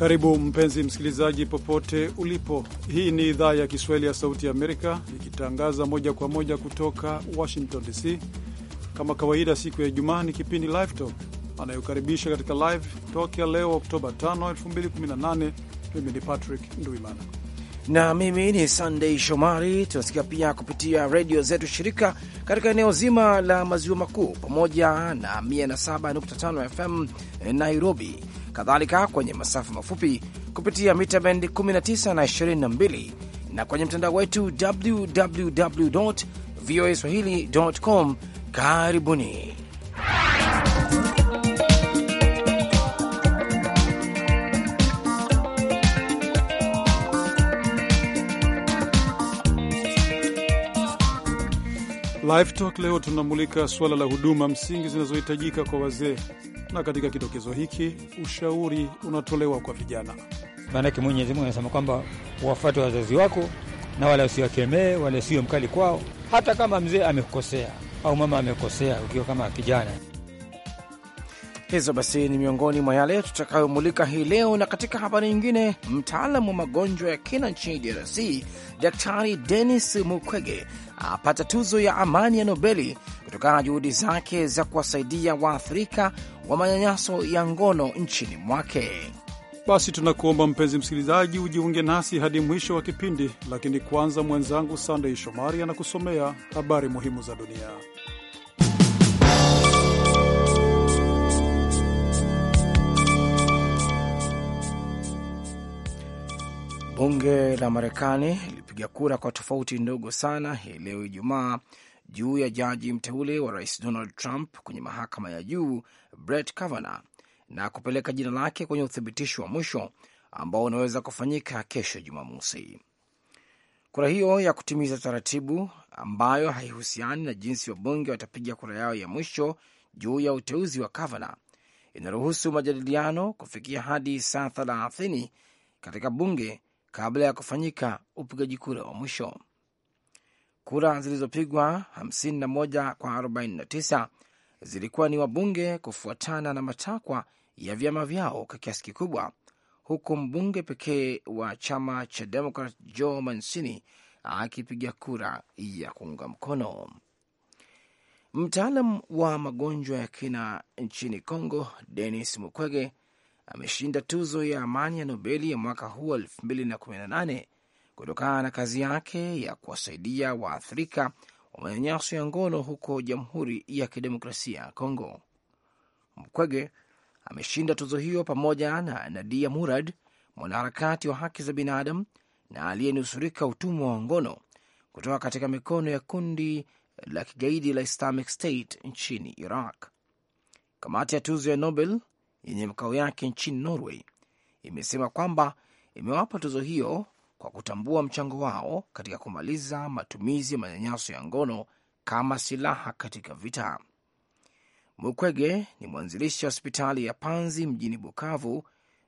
Karibu mpenzi msikilizaji, popote ulipo. Hii ni idhaa ya Kiswahili ya Sauti ya Amerika ikitangaza moja kwa moja kutoka Washington DC. Kama kawaida, siku ya Ijumaa ni kipindi Live Talk anayokaribisha katika Live Talk ya leo Oktoba 5, 2018. Mimi ni Patrick Nduimana na mimi ni sandey Shomari. Tunasikia pia kupitia redio zetu shirika katika eneo zima la maziwa makuu pamoja na 107.5 FM Nairobi kadhalika kwenye masafa mafupi kupitia mita bendi 19 na 22 na kwenye mtandao wetu www voa swahili.com. Karibuni. Live Talk leo tunamulika suala la huduma msingi zinazohitajika kwa wazee, na katika kidokezo hiki ushauri unatolewa kwa vijana. Maanake Mwenyezi Mungu anasema kwamba wafuate wazazi wako na wala usiwakemee wala usiwe mkali kwao, hata kama mzee amekosea au mama amekosea ukiwa kama kijana Hizo basi ni miongoni mwa yale tutakayomulika hii leo. Na katika habari nyingine, mtaalamu wa magonjwa ya kina nchini DRC Daktari Denis Mukwege apata tuzo ya amani ya Nobeli kutokana na juhudi zake za kuwasaidia waathirika wa manyanyaso ya ngono nchini mwake. Basi tunakuomba mpenzi msikilizaji, ujiunge nasi hadi mwisho wa kipindi, lakini kwanza mwenzangu Sandei Shomari anakusomea habari muhimu za dunia. Bunge la Marekani lilipiga kura kwa tofauti ndogo sana hii leo Ijumaa juu ya jaji mteule wa rais Donald Trump kwenye mahakama ya juu Brett Kavanaugh na kupeleka jina lake kwenye uthibitisho wa mwisho ambao unaweza kufanyika kesho Jumamosi. Kura hiyo ya kutimiza taratibu ambayo haihusiani na jinsi wabunge watapiga kura yao ya mwisho juu ya uteuzi wa Kavanaugh inaruhusu majadiliano kufikia hadi saa thelathini katika bunge kabla ya kufanyika upigaji kura wa mwisho. Kura zilizopigwa 51 kwa 49 zilikuwa ni wabunge kufuatana na matakwa ya vyama vyao kwa kiasi kikubwa, huku mbunge pekee wa chama cha Demokrat Joe Mancini akipiga kura ya kuunga mkono. Mtaalam wa magonjwa ya kina nchini congo Denis Mukwege ameshinda tuzo ya amani ya Nobeli ya mwaka huu 2018 kutokana na kazi yake ya kuwasaidia waathirika wa manyanyaso ya ngono huko Jamhuri ya Kidemokrasia ya Kongo. Mkwege ameshinda tuzo hiyo pamoja na Nadia Murad, mwanaharakati wa haki za binadamu na aliyenusurika utumwa wa ngono kutoka katika mikono ya kundi la kigaidi la Islamic State nchini Iraq. Kamati ya tuzo ya Nobel yenye makao yake nchini Norway imesema kwamba imewapa tuzo hiyo kwa kutambua mchango wao katika kumaliza matumizi ya manyanyaso ya ngono kama silaha katika vita. Mukwege ni mwanzilishi wa hospitali ya Panzi mjini Bukavu,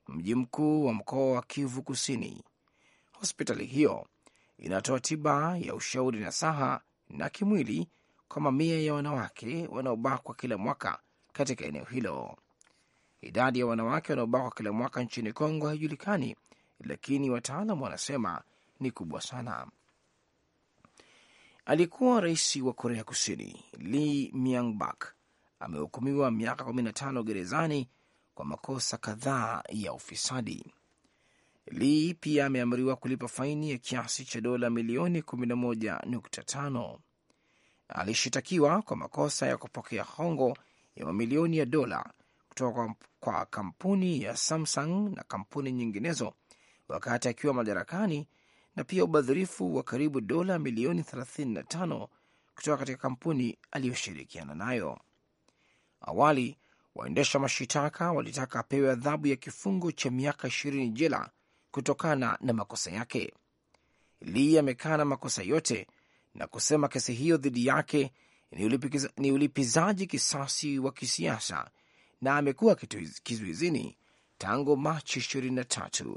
mji mkuu wa mkoa wa Kivu Kusini. Hospitali hiyo inatoa tiba ya ushauri na saha na kimwili kwa mamia ya wanawake wanaobakwa kila mwaka katika eneo hilo. Idadi ya wanawake wanaobakwa kila mwaka nchini Kongo haijulikani, lakini wataalam wanasema ni kubwa sana. Alikuwa rais wa Korea Kusini Lee Myung-bak amehukumiwa miaka 15 gerezani kwa makosa kadhaa ya ufisadi. Lee pia ameamriwa kulipa faini ya kiasi cha dola milioni 11.5. Alishitakiwa kwa makosa ya kupokea hongo ya mamilioni ya dola kutoka kwa kampuni ya Samsung na kampuni nyinginezo wakati akiwa madarakani na pia ubadhirifu wa karibu dola milioni 35 kutoka katika kampuni aliyoshirikiana nayo. Awali waendesha mashitaka walitaka apewe adhabu ya kifungo cha miaka ishirini jela kutokana na makosa yake. amekaa na makosa yote na kusema kesi hiyo dhidi yake ni ulipizaji kisasi wa kisiasa na amekuwa kizuizini tangu Machi 23.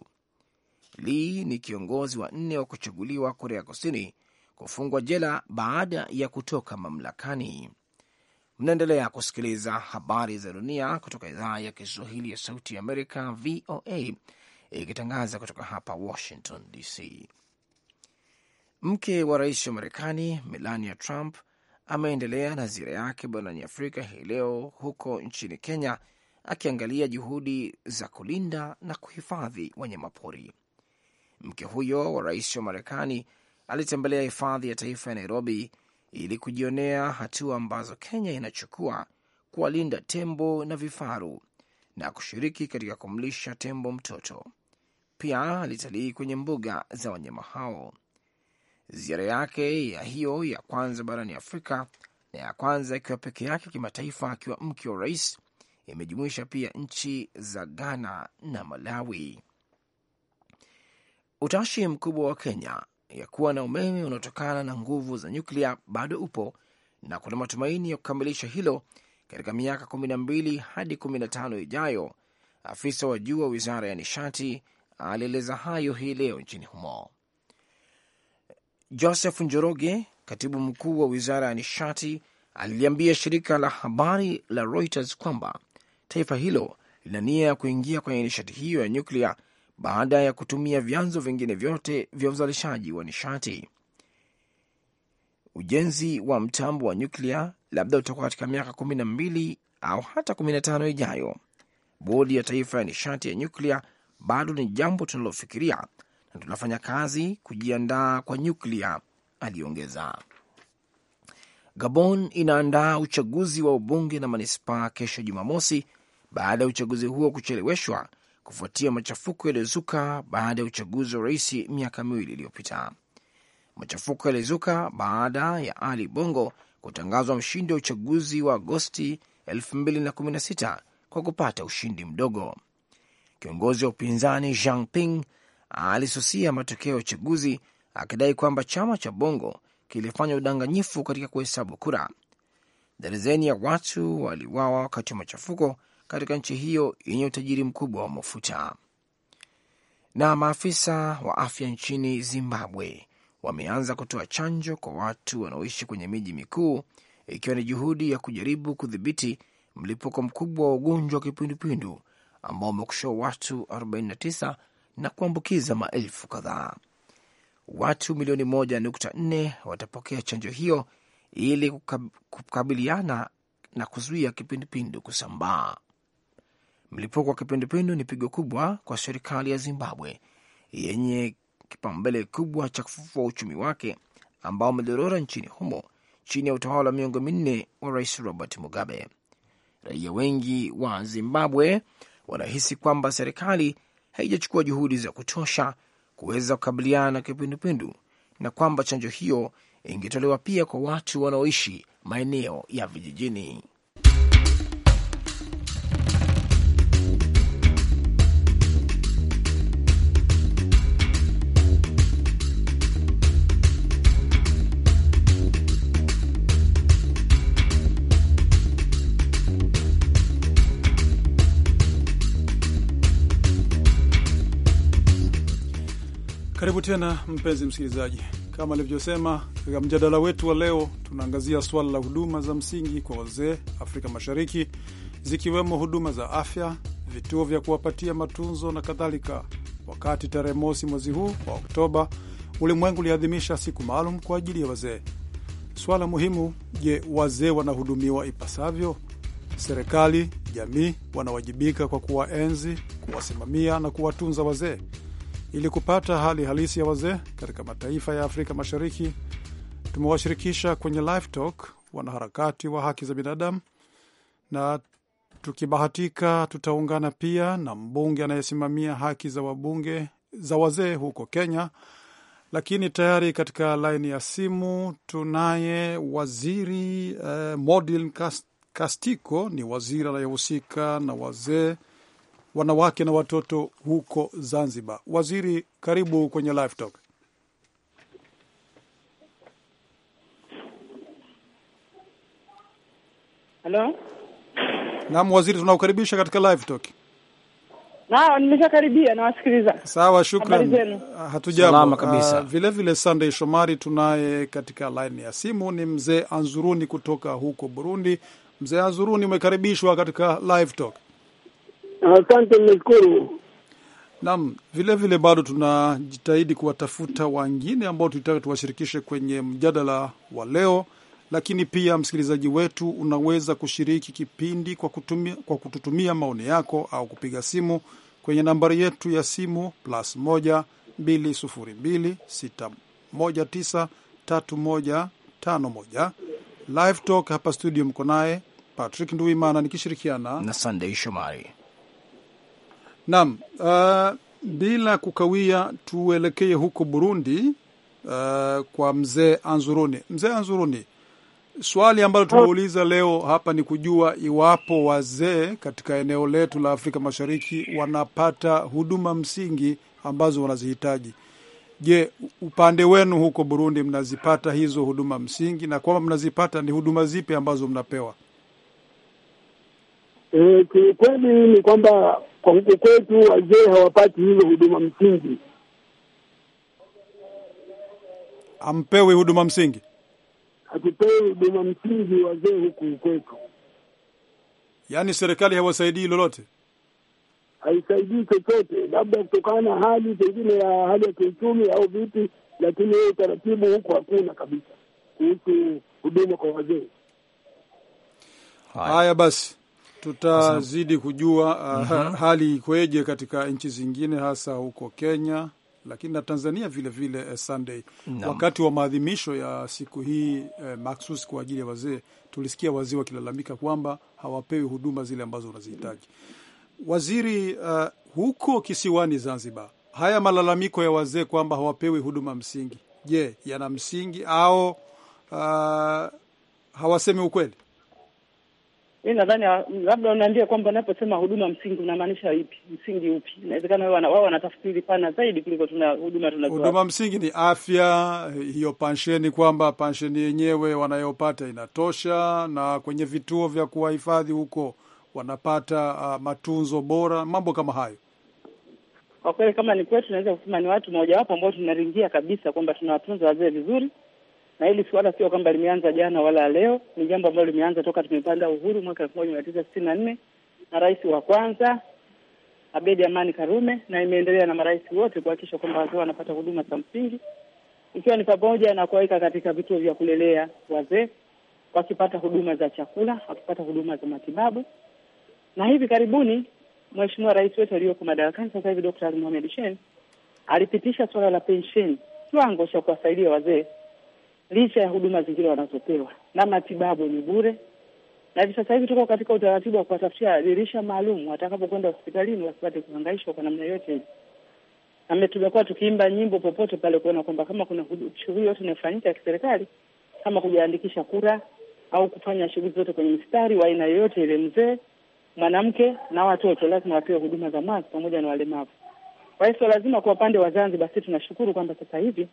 Lee ni kiongozi wa nne wa kuchaguliwa Korea Kusini kufungwa jela baada ya kutoka mamlakani. Mnaendelea kusikiliza habari za dunia kutoka idhaa ya Kiswahili ya Sauti ya Amerika, VOA, ikitangaza kutoka hapa Washington DC. Mke wa rais wa Marekani Melania Trump ameendelea na ziara yake barani Afrika hii leo huko nchini Kenya, akiangalia juhudi za kulinda na kuhifadhi wanyamapori. Mke huyo wa rais wa Marekani alitembelea hifadhi ya taifa ya Nairobi ili kujionea hatua ambazo Kenya inachukua kuwalinda tembo na vifaru na kushiriki katika kumlisha tembo mtoto. Pia alitalii kwenye mbuga za wanyama hao ziara yake ya hiyo ya kwanza barani Afrika na ya kwanza ikiwa peke yake kimataifa akiwa mke wa rais imejumuisha pia nchi za Ghana na Malawi. Utashi mkubwa wa Kenya ya kuwa na umeme unaotokana na nguvu za nyuklia bado upo na kuna matumaini ya kukamilisha hilo katika miaka kumi na mbili hadi kumi na tano ijayo. Afisa wa juu wa wizara ya nishati alieleza hayo hii leo nchini humo. Joseph Njoroge, katibu mkuu wa wizara ya nishati, aliliambia shirika la habari la Reuters kwamba taifa hilo lina nia ya kuingia kwenye nishati hiyo ya nyuklia baada ya kutumia vyanzo vingine vyote vya uzalishaji wa nishati. Ujenzi wa mtambo wa nyuklia labda utakuwa katika miaka kumi na mbili au hata kumi na tano ijayo. Bodi ya Taifa ya Nishati ya Nyuklia bado ni jambo tunalofikiria, na tunafanya kazi kujiandaa kwa nyuklia, aliongeza. Gabon inaandaa uchaguzi wa ubunge na manispaa kesho Jumamosi baada ya uchaguzi huo kucheleweshwa kufuatia machafuko yaliyozuka baada ya uchaguzi wa rais miaka miwili iliyopita. Machafuko yalizuka baada ya Ali Bongo kutangazwa mshindi wa uchaguzi wa Agosti 2016 kwa kupata ushindi mdogo. Kiongozi wa upinzani Jean Ping alisusia matokeo ya uchaguzi akidai kwamba chama cha Bongo kilifanya udanganyifu katika kuhesabu kura. Darizeni ya watu waliwawa wakati wa machafuko katika nchi hiyo yenye utajiri mkubwa wa mafuta. Na maafisa wa afya nchini Zimbabwe wameanza kutoa chanjo kwa watu wanaoishi kwenye miji mikuu, ikiwa ni juhudi ya kujaribu kudhibiti mlipuko mkubwa wa ugonjwa wa kipindupindu ambao umekushoa watu 49 na kuambukiza maelfu kadhaa. Watu milioni moja nukta nne watapokea chanjo hiyo ili kukabiliana na kuzuia kipindupindu kusambaa. Mlipuko wa kipindupindu ni pigo kubwa kwa serikali ya Zimbabwe yenye kipaumbele kikubwa cha kufufua uchumi wake ambao umedorora nchini humo chini ya utawala wa miongo minne wa Rais Robert Mugabe. Raia wengi wa Zimbabwe wanahisi kwamba serikali haijachukua juhudi za kutosha kuweza kukabiliana na kipindupindu na kwamba chanjo hiyo ingetolewa pia kwa watu wanaoishi maeneo ya vijijini. Karibu tena mpenzi msikilizaji, kama alivyosema katika mjadala wetu wa leo, tunaangazia suala la huduma za msingi kwa wazee Afrika Mashariki, zikiwemo huduma za afya, vituo vya kuwapatia matunzo na kadhalika. Wakati tarehe mosi mwezi huu wa Oktoba ulimwengu uliadhimisha siku maalum kwa ajili ya wazee. Swala muhimu, je, wazee wanahudumiwa ipasavyo? Serikali, jamii wanawajibika kwa kuwaenzi, kuwasimamia na kuwatunza wazee? Ili kupata hali halisi ya wazee katika mataifa ya Afrika Mashariki, tumewashirikisha kwenye Live Talk wanaharakati wa haki za binadamu, na tukibahatika tutaungana pia na mbunge anayesimamia haki za wabunge za wazee huko Kenya. Lakini tayari katika laini ya simu tunaye waziri eh, Modin Kastiko. Ni waziri anayehusika na wazee wanawake na watoto huko Zanzibar. Waziri, karibu kwenye Live Talk. Halo. Naam, waziri, tunakukaribisha katika Live Talk. nimeshakaribia nawasikiliza. Sawa, shukran. Ah, hatujambo kabisa. Uh, vile Shomari tunaye katika laini ya simu ni mzee Anzuruni kutoka huko Burundi. Mzee Anzuruni, umekaribishwa katika Live Talk. Asante, nimeshukuru. Naam, vile vile bado tunajitahidi kuwatafuta wengine ambao tulitaka tuwashirikishe kwenye mjadala wa leo, lakini pia msikilizaji wetu unaweza kushiriki kipindi kwa kutumia, kwa kututumia maoni yako au kupiga simu kwenye nambari yetu ya simu plus tatu moja tano moja. Live Talk hapa studio, mko naye Patrick Nduimana nikishirikiana na Sunday Shomari. Naam, uh, bila kukawia tuelekee huko Burundi, uh, kwa mzee Anzuruni. Mzee Anzuruni, swali ambalo tumeuliza leo hapa ni kujua iwapo wazee katika eneo letu la Afrika Mashariki wanapata huduma msingi ambazo wanazihitaji. Je, upande wenu huko Burundi mnazipata hizo huduma msingi, na kwamba mnazipata, ni huduma zipi ambazo mnapewa? E, kiukweli ni kwamba kwa huku kwetu wazee hawapati hizo huduma msingi, hampewi huduma msingi, hatupewi huduma msingi wazee huku kwetu. Yaani serikali hawasaidii lolote, haisaidii chochote, labda kutokana na hali pengine ya hali ya kiuchumi au vipi, lakini huo utaratibu huku hakuna kabisa kuhusu huduma kwa wazee. Haya basi tutazidi kujua uh, mm -hmm. hali ikweje katika nchi zingine hasa huko Kenya lakini na Tanzania vilevile vile, eh, Sunday no. Wakati wa maadhimisho ya siku hii eh, maksus kwa ajili ya wazee, tulisikia wazee wakilalamika kwamba hawapewi huduma zile ambazo wanazihitaji. Waziri, uh, huko kisiwani Zanzibar, haya malalamiko ya wazee kwamba hawapewi huduma msingi, je, yana msingi au uh, hawasemi ukweli? Mi nadhani ah, labda uniambie kwamba unaposema huduma msingi unamaanisha ipi, msingi upi? Inawezekana wao wanatafsiri pana zaidi kuliko tuna huduma tunazo. Huduma msingi ni afya, hiyo pensheni, kwamba pensheni yenyewe wanayopata inatosha, na kwenye vituo vya kuwahifadhi huko wanapata uh, matunzo bora, mambo kama hayo. Kwa kweli, kama ni kwetu, tunaweza kusema ni watu mojawapo ambao tunaringia kabisa kwamba tunawatunza wazee vizuri na hili suala sio kwamba limeanza jana wala leo, ni jambo ambalo limeanza toka tumepanda uhuru mwaka elfu moja mia tisa sitini na nne na rais wa kwanza Abedi Amani Karume, na imeendelea na marais wote kuhakikisha kwamba wazee wanapata huduma za msingi, ikiwa ni pamoja na kuwaweka katika vituo vya kulelea wazee, wakipata huduma za chakula, wakipata huduma za matibabu. Na hivi karibuni mheshimiwa rais wetu aliyoko madarakani sasa hivi Dkt. Ali Mohamed Shein alipitisha suala la pensheni, kiwango cha kuwasaidia wazee licha ya huduma zingine wanazopewa na matibabu ni bure. Na hivi sasa hivi tuko katika utaratibu wa kuwatafutia dirisha maalum, watakapokwenda hospitalini wasipate kuhangaishwa kwa namna yote. Ame, tumekuwa tukiimba nyimbo popote pale kuona kwamba kama kuna shughuli yote inayofanyika ya kiserikali kama kujiandikisha kura au kufanya shughuli zote kwenye mstari wa aina yoyote ile, mzee, mwanamke na watoto lazima wapewe huduma za mwanzo pamoja na walemavu. Kwa hiyo lazima kwa upande wa Zanzibar, sisi tunashukuru kwamba sasa hivi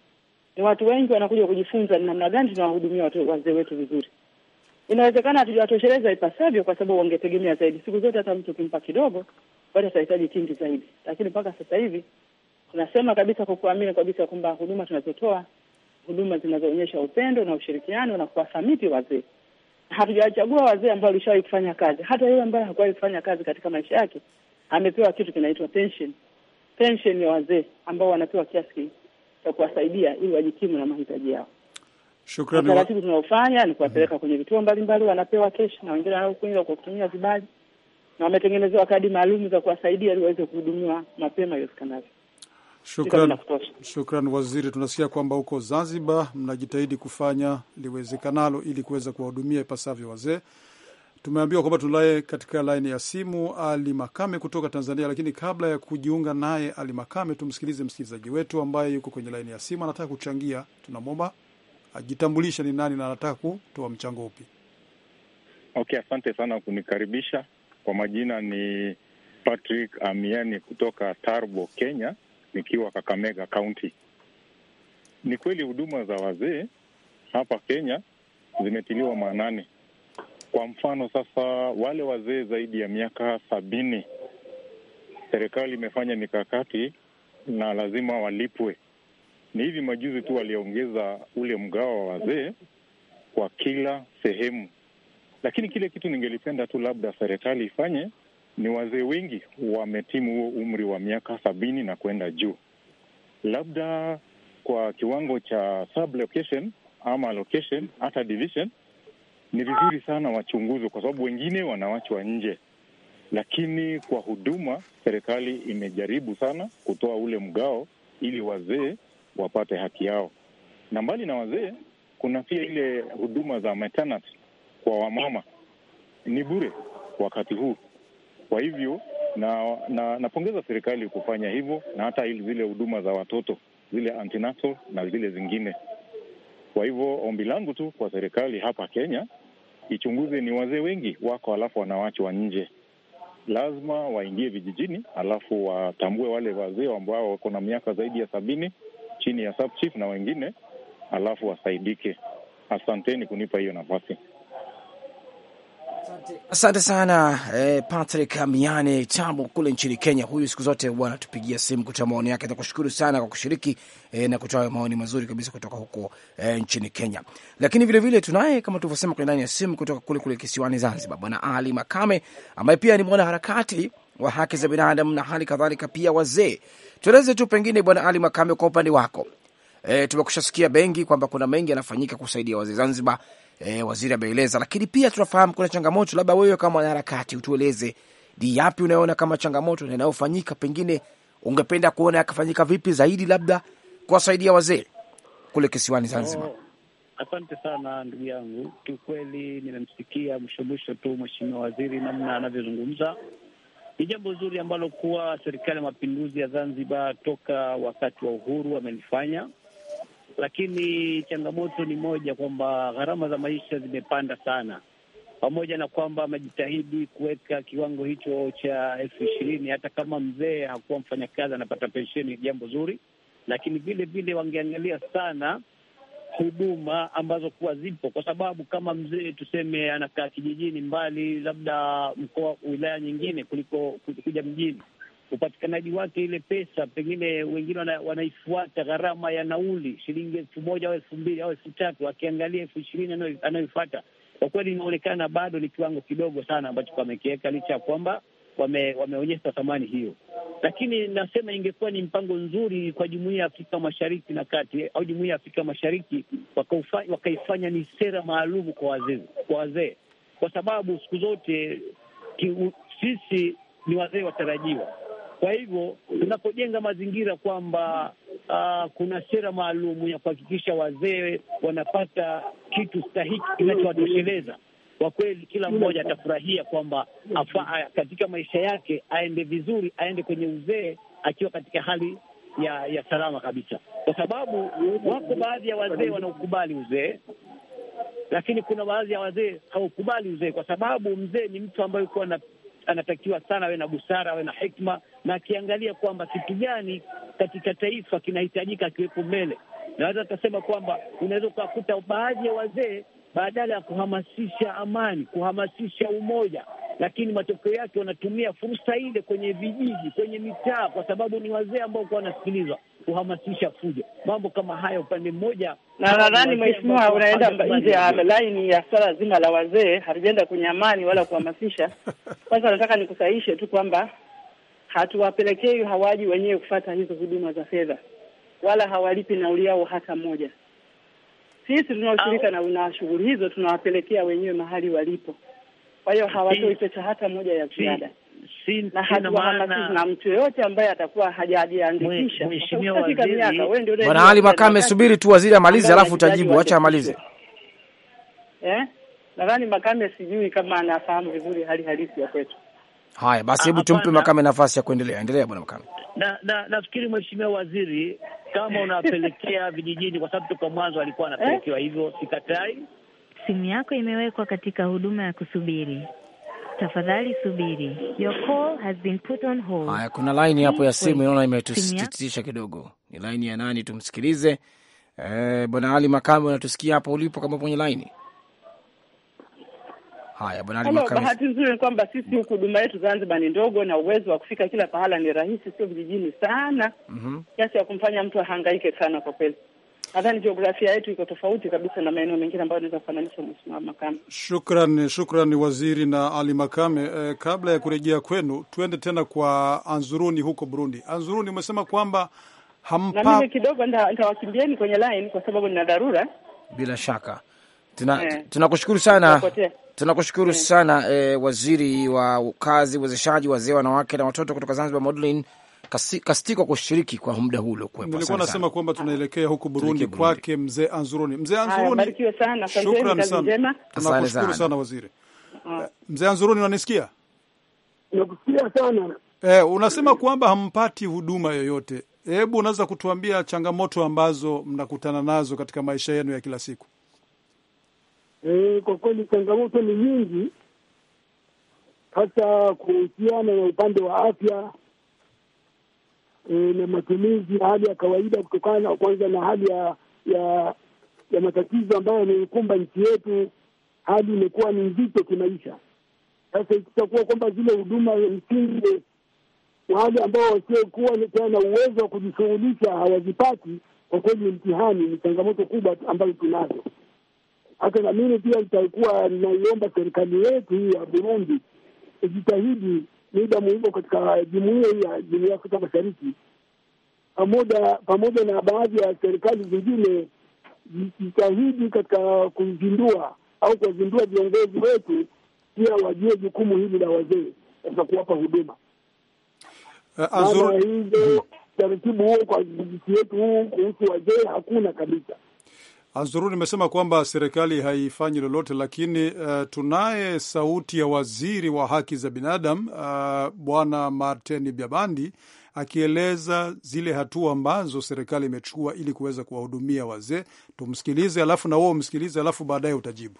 ni watu wengi wanakuja kujifunza ni namna gani tunawahudumia wazee wetu vizuri. Inawezekana hatujawatosheleza ipasavyo, kwa sababu wangetegemea zaidi. Siku zote hata mtu ukimpa kidogo, bado atahitaji kingi zaidi, lakini mpaka sasa hivi tunasema kabisa kwa kuamini kabisa kwamba huduma tunazotoa, huduma zinazoonyesha upendo na ushirikiano na kuwathamiti wazee. Hatujawachagua wazee ambao walishawahi kufanya kazi. Hata yule ambaye hakuwahi kufanya kazi katika maisha yake amepewa kitu kinaitwa pension, pension ya wazee ambao wanapewa kiasi ya kuwasaidia ili wajikimu na mahitaji yao. Shukrani. Taratibu tunaofanya ni kuwapeleka mhm. kwenye vituo mbalimbali, wanapewa kesha na wengine wanaokunywa kwa kutumia vibali, na wametengenezewa kadi maalum za kuwasaidia ili waweze kuhudumiwa mapema iwezekanavyo. Shukrani, shukrani waziri. Tunasikia kwamba huko Zanzibar mnajitahidi kufanya liwezekanalo ili kuweza kuwahudumia ipasavyo wazee. Tumeambiwa kwamba tunaye katika laini ya simu Ali Makame kutoka Tanzania, lakini kabla ya kujiunga naye Ali Makame, tumsikilize msikilizaji wetu ambaye yuko kwenye laini ya simu, anataka kuchangia. Tunamwomba ajitambulishe ni nani na anataka kutoa mchango upi. Okay, asante sana kunikaribisha. Kwa majina ni Patrick Amiani kutoka Tarbo, Kenya, nikiwa Kakamega kaunti Ni kweli huduma za wazee hapa Kenya zimetiliwa maanani kwa mfano sasa, wale wazee zaidi ya miaka sabini, serikali imefanya mikakati na lazima walipwe. Ni hivi majuzi tu waliongeza ule mgao wa wazee kwa kila sehemu, lakini kile kitu ningelipenda tu labda serikali ifanye ni wazee wengi wametimu huo umri wa miaka sabini na kwenda juu, labda kwa kiwango cha sub-location ama location, hata division ni vizuri sana wachunguzwe, kwa sababu wengine wanawachwa nje. Lakini kwa huduma, serikali imejaribu sana kutoa ule mgao ili wazee wapate haki yao, na mbali na wazee, kuna pia ile huduma za maternity kwa wamama ni bure wakati huu. Kwa hivyo na, na napongeza serikali kufanya hivyo, na hata zile huduma za watoto zile antinatal na zile zingine. Kwa hivyo ombi langu tu kwa serikali hapa Kenya ichunguze ni wazee wengi wako, alafu wanawachwa nje. Lazima waingie vijijini, alafu watambue wale wazee ambao wako na miaka zaidi ya sabini chini ya sub chief na wengine, alafu wasaidike. Asanteni kunipa hiyo nafasi. Asante sana eh, Patrick Amiane Tambo kule nchini Kenya. Huyu siku zote huwa anatupigia simu kutoa maoni yake. Nakushukuru sana kwa kushiriki eh, na kutoa maoni mazuri kabisa kutoka huko eh, nchini Kenya. Lakini vilevile tunaye kama tulivyosema kwenye ndani ya simu kutoka kule kule kisiwani Zanzibar, bwana Ali Makame ambaye pia ni mwanaharakati wa haki za binadamu na hali kadhalika pia wazee. Tueleze tu pengine, bwana Ali Makame, kwa upande wako eh, tumekushasikia bengi kwamba kuna mengi yanafanyika kusaidia wazee Zanzibar eh, waziri ameeleza, lakini pia tunafahamu kuna changamoto. Labda wewe kama wanaharakati utueleze ni yapi unayoona kama changamoto na inayofanyika, pengine ungependa kuona yakafanyika vipi zaidi, labda kuwasaidia wazee kule kisiwani Zanzibar. Oh, asante sana ndugu yangu. Kiukweli nimemsikia mwisho mwisho tu mheshimiwa waziri namna anavyozungumza ni jambo zuri ambalo kuwa serikali ya mapinduzi ya Zanzibar toka wakati wa uhuru wamelifanya lakini changamoto ni moja kwamba gharama za maisha zimepanda sana, pamoja na kwamba amejitahidi kuweka kiwango hicho cha elfu ishirini. Hata kama mzee hakuwa mfanyakazi anapata pensheni, jambo zuri, lakini vile vile wangeangalia sana huduma ambazo kuwa zipo, kwa sababu kama mzee tuseme anakaa kijijini mbali, labda mkoa, wilaya nyingine, kuliko kuja mjini upatikanaji wake ile pesa, pengine wengine wana, wanaifuata gharama ya nauli shilingi elfu moja au elfu mbili au elfu tatu akiangalia elfu ishirini anayoifuata kwa kweli, inaonekana bado ni kiwango kidogo sana ambacho wamekiweka, licha ya kwamba wame, wameonyesha thamani hiyo. Lakini nasema ingekuwa ni mpango nzuri kwa jumuia ya Afrika Mashariki na Kati au jumuia ya Afrika Mashariki wakaifanya ni sera maalum kwa wazee, kwa wazee, kwa sababu siku zote ki, u, sisi ni wazee watarajiwa kwa hivyo tunapojenga mazingira kwamba uh, kuna sera maalum ya kuhakikisha wazee wanapata kitu stahiki kinachowatosheleza, kwa kweli kila mmoja atafurahia kwamba katika maisha yake aende vizuri, aende kwenye uzee akiwa katika hali ya ya salama kabisa, kwa sababu wako baadhi ya wazee wanaokubali uzee, lakini kuna baadhi ya wazee hawakubali uzee, kwa sababu mzee ni mtu ambaye yuko na anatakiwa sana awe na busara, awe na hikma, na akiangalia kwamba kitu gani katika taifa kinahitajika akiwepo mbele. Naweza akasema kwamba unaweza ukakuta baadhi ya wazee badala ya kuhamasisha amani, kuhamasisha umoja lakini matokeo yake wanatumia fursa ile kwenye vijiji, kwenye mitaa, kwa sababu ni wazee ambao kuwa wanasikilizwa kuhamasisha fujo, mambo kama haya upande mmoja. Na nadhani mheshimiwa, unaenda nje ya laini ya swala zima la wazee, hatujaenda kwenye amani wala kuhamasisha. Kwanza nataka nikusahishe tu kwamba hatuwapelekei hawaji wenyewe kufata hizo huduma za fedha, wala hawalipi nauli yao hata moja. Sisi tunaoshirika na na shughuli hizo tunawapelekea wenyewe mahali walipo. Kwa hiyo hawatoi pesa hata moja ya ziada na na mtu yoyote ambaye atakuwa hajajiandikisha katika Bwana Ali Makame, subiri tu waziri amalize, alafu utajibu. Acha amalize. Eh, nadhani Makame sijui kama anafahamu vizuri hali halisi ya kwetu. Haya basi, hebu ah, tumpe Makame nafasi ya kuendelea. Endelea bwana Makame. Na, na mheshimiwa waziri, kama unapelekea vijijini, kwa sababu toka mwanzo alikuwa anapelekewa eh? hivyo, sikatai simu yako imewekwa katika huduma ya kusubiri. Tafadhali subiri. Your call has been put on hold. Haya, kuna laini hapo ya simu inaona imetusitisha kidogo. Ni laini ya nani? Tumsikilize. Eh, Bwana Ali Makame, unatusikia hapo ulipo kama kwenye laini? Haya, Bwana Ali Makame. Bahati nzuri ni kwamba sisi huku huduma yetu Zanzibar ni ndogo na uwezo wa kufika kila pahala ni rahisi, sio vijijini sana. Mhm. Mm, kiasi ya kumfanya mtu ahangaike sana kwa kweli nadhani jiografia yetu iko tofauti kabisa na maeneo mengine ambayo inaweza kufananisha. Mheshimiwa Makame, shukran, shukran waziri na Ali Makame. Eh, kabla ya kurejea kwenu, tuende tena kwa Anzuruni huko Burundi. Anzuruni, umesema kwamba hampa... na mimi kidogo nitawakimbieni kwenye line kwa sababu nina dharura. Bila shaka tuna, yeah. tunakushukuru sana tunakushukuru yeah. sana eh, waziri wa kazi, uwezeshaji wazee, wanawake na watoto kutoka Zanzibar, Madeline kastiko kushiriki kwa muda huu uliokuwepo. Nilikuwa nasema kwamba tunaelekea huku Burundi kwake mzee Anzuruni. Mzee Anzuruni, shukrani sana, tunakushukuru sana waziri. Mzee Anzuruni, unanisikia? Nakusikia sana. Eh, unasema kwamba hampati huduma yoyote. Hebu unaweza kutuambia changamoto ambazo mnakutana nazo katika maisha yenu ya kila siku? E, kwa kweli changamoto ni nyingi, hasa kuhusiana na upande wa afya e, na matumizi ya hali ya kawaida, kutokana kwanza na hali ya ya, ya matatizo ambayo yameikumba nchi yetu. Hali imekuwa ni nzito kimaisha. Sasa ikitakuwa kwamba zile huduma msingi wale ambao wasiokuwa na uwezo wa kujishughulisha hawazipati, kwa kweli mtihani ni changamoto kubwa ambayo tunazo. Hata na mimi pia nitakuwa inaiomba serikali yetu hii ya Burundi ijitahidi muda muhimu katika jumuiya ya jumuiya Afrika Mashariki pamoja pamoja na baadhi ya serikali zingine jitahidi katika kuzindua au kuwazindua viongozi wetu pia wajue jukumu hili la wazee katika kuwapa huduma. Eh, Maana hizo taratibu huo kwa nchi yetu huu kuhusu wazee hakuna kabisa azuru nimesema kwamba serikali haifanyi lolote, lakini uh, tunaye sauti ya waziri wa haki za binadamu uh, Bwana Martin Byabandi akieleza zile hatua ambazo serikali imechukua ili kuweza kuwahudumia wazee. Tumsikilize alafu na wewe umsikilize, alafu baadaye utajibu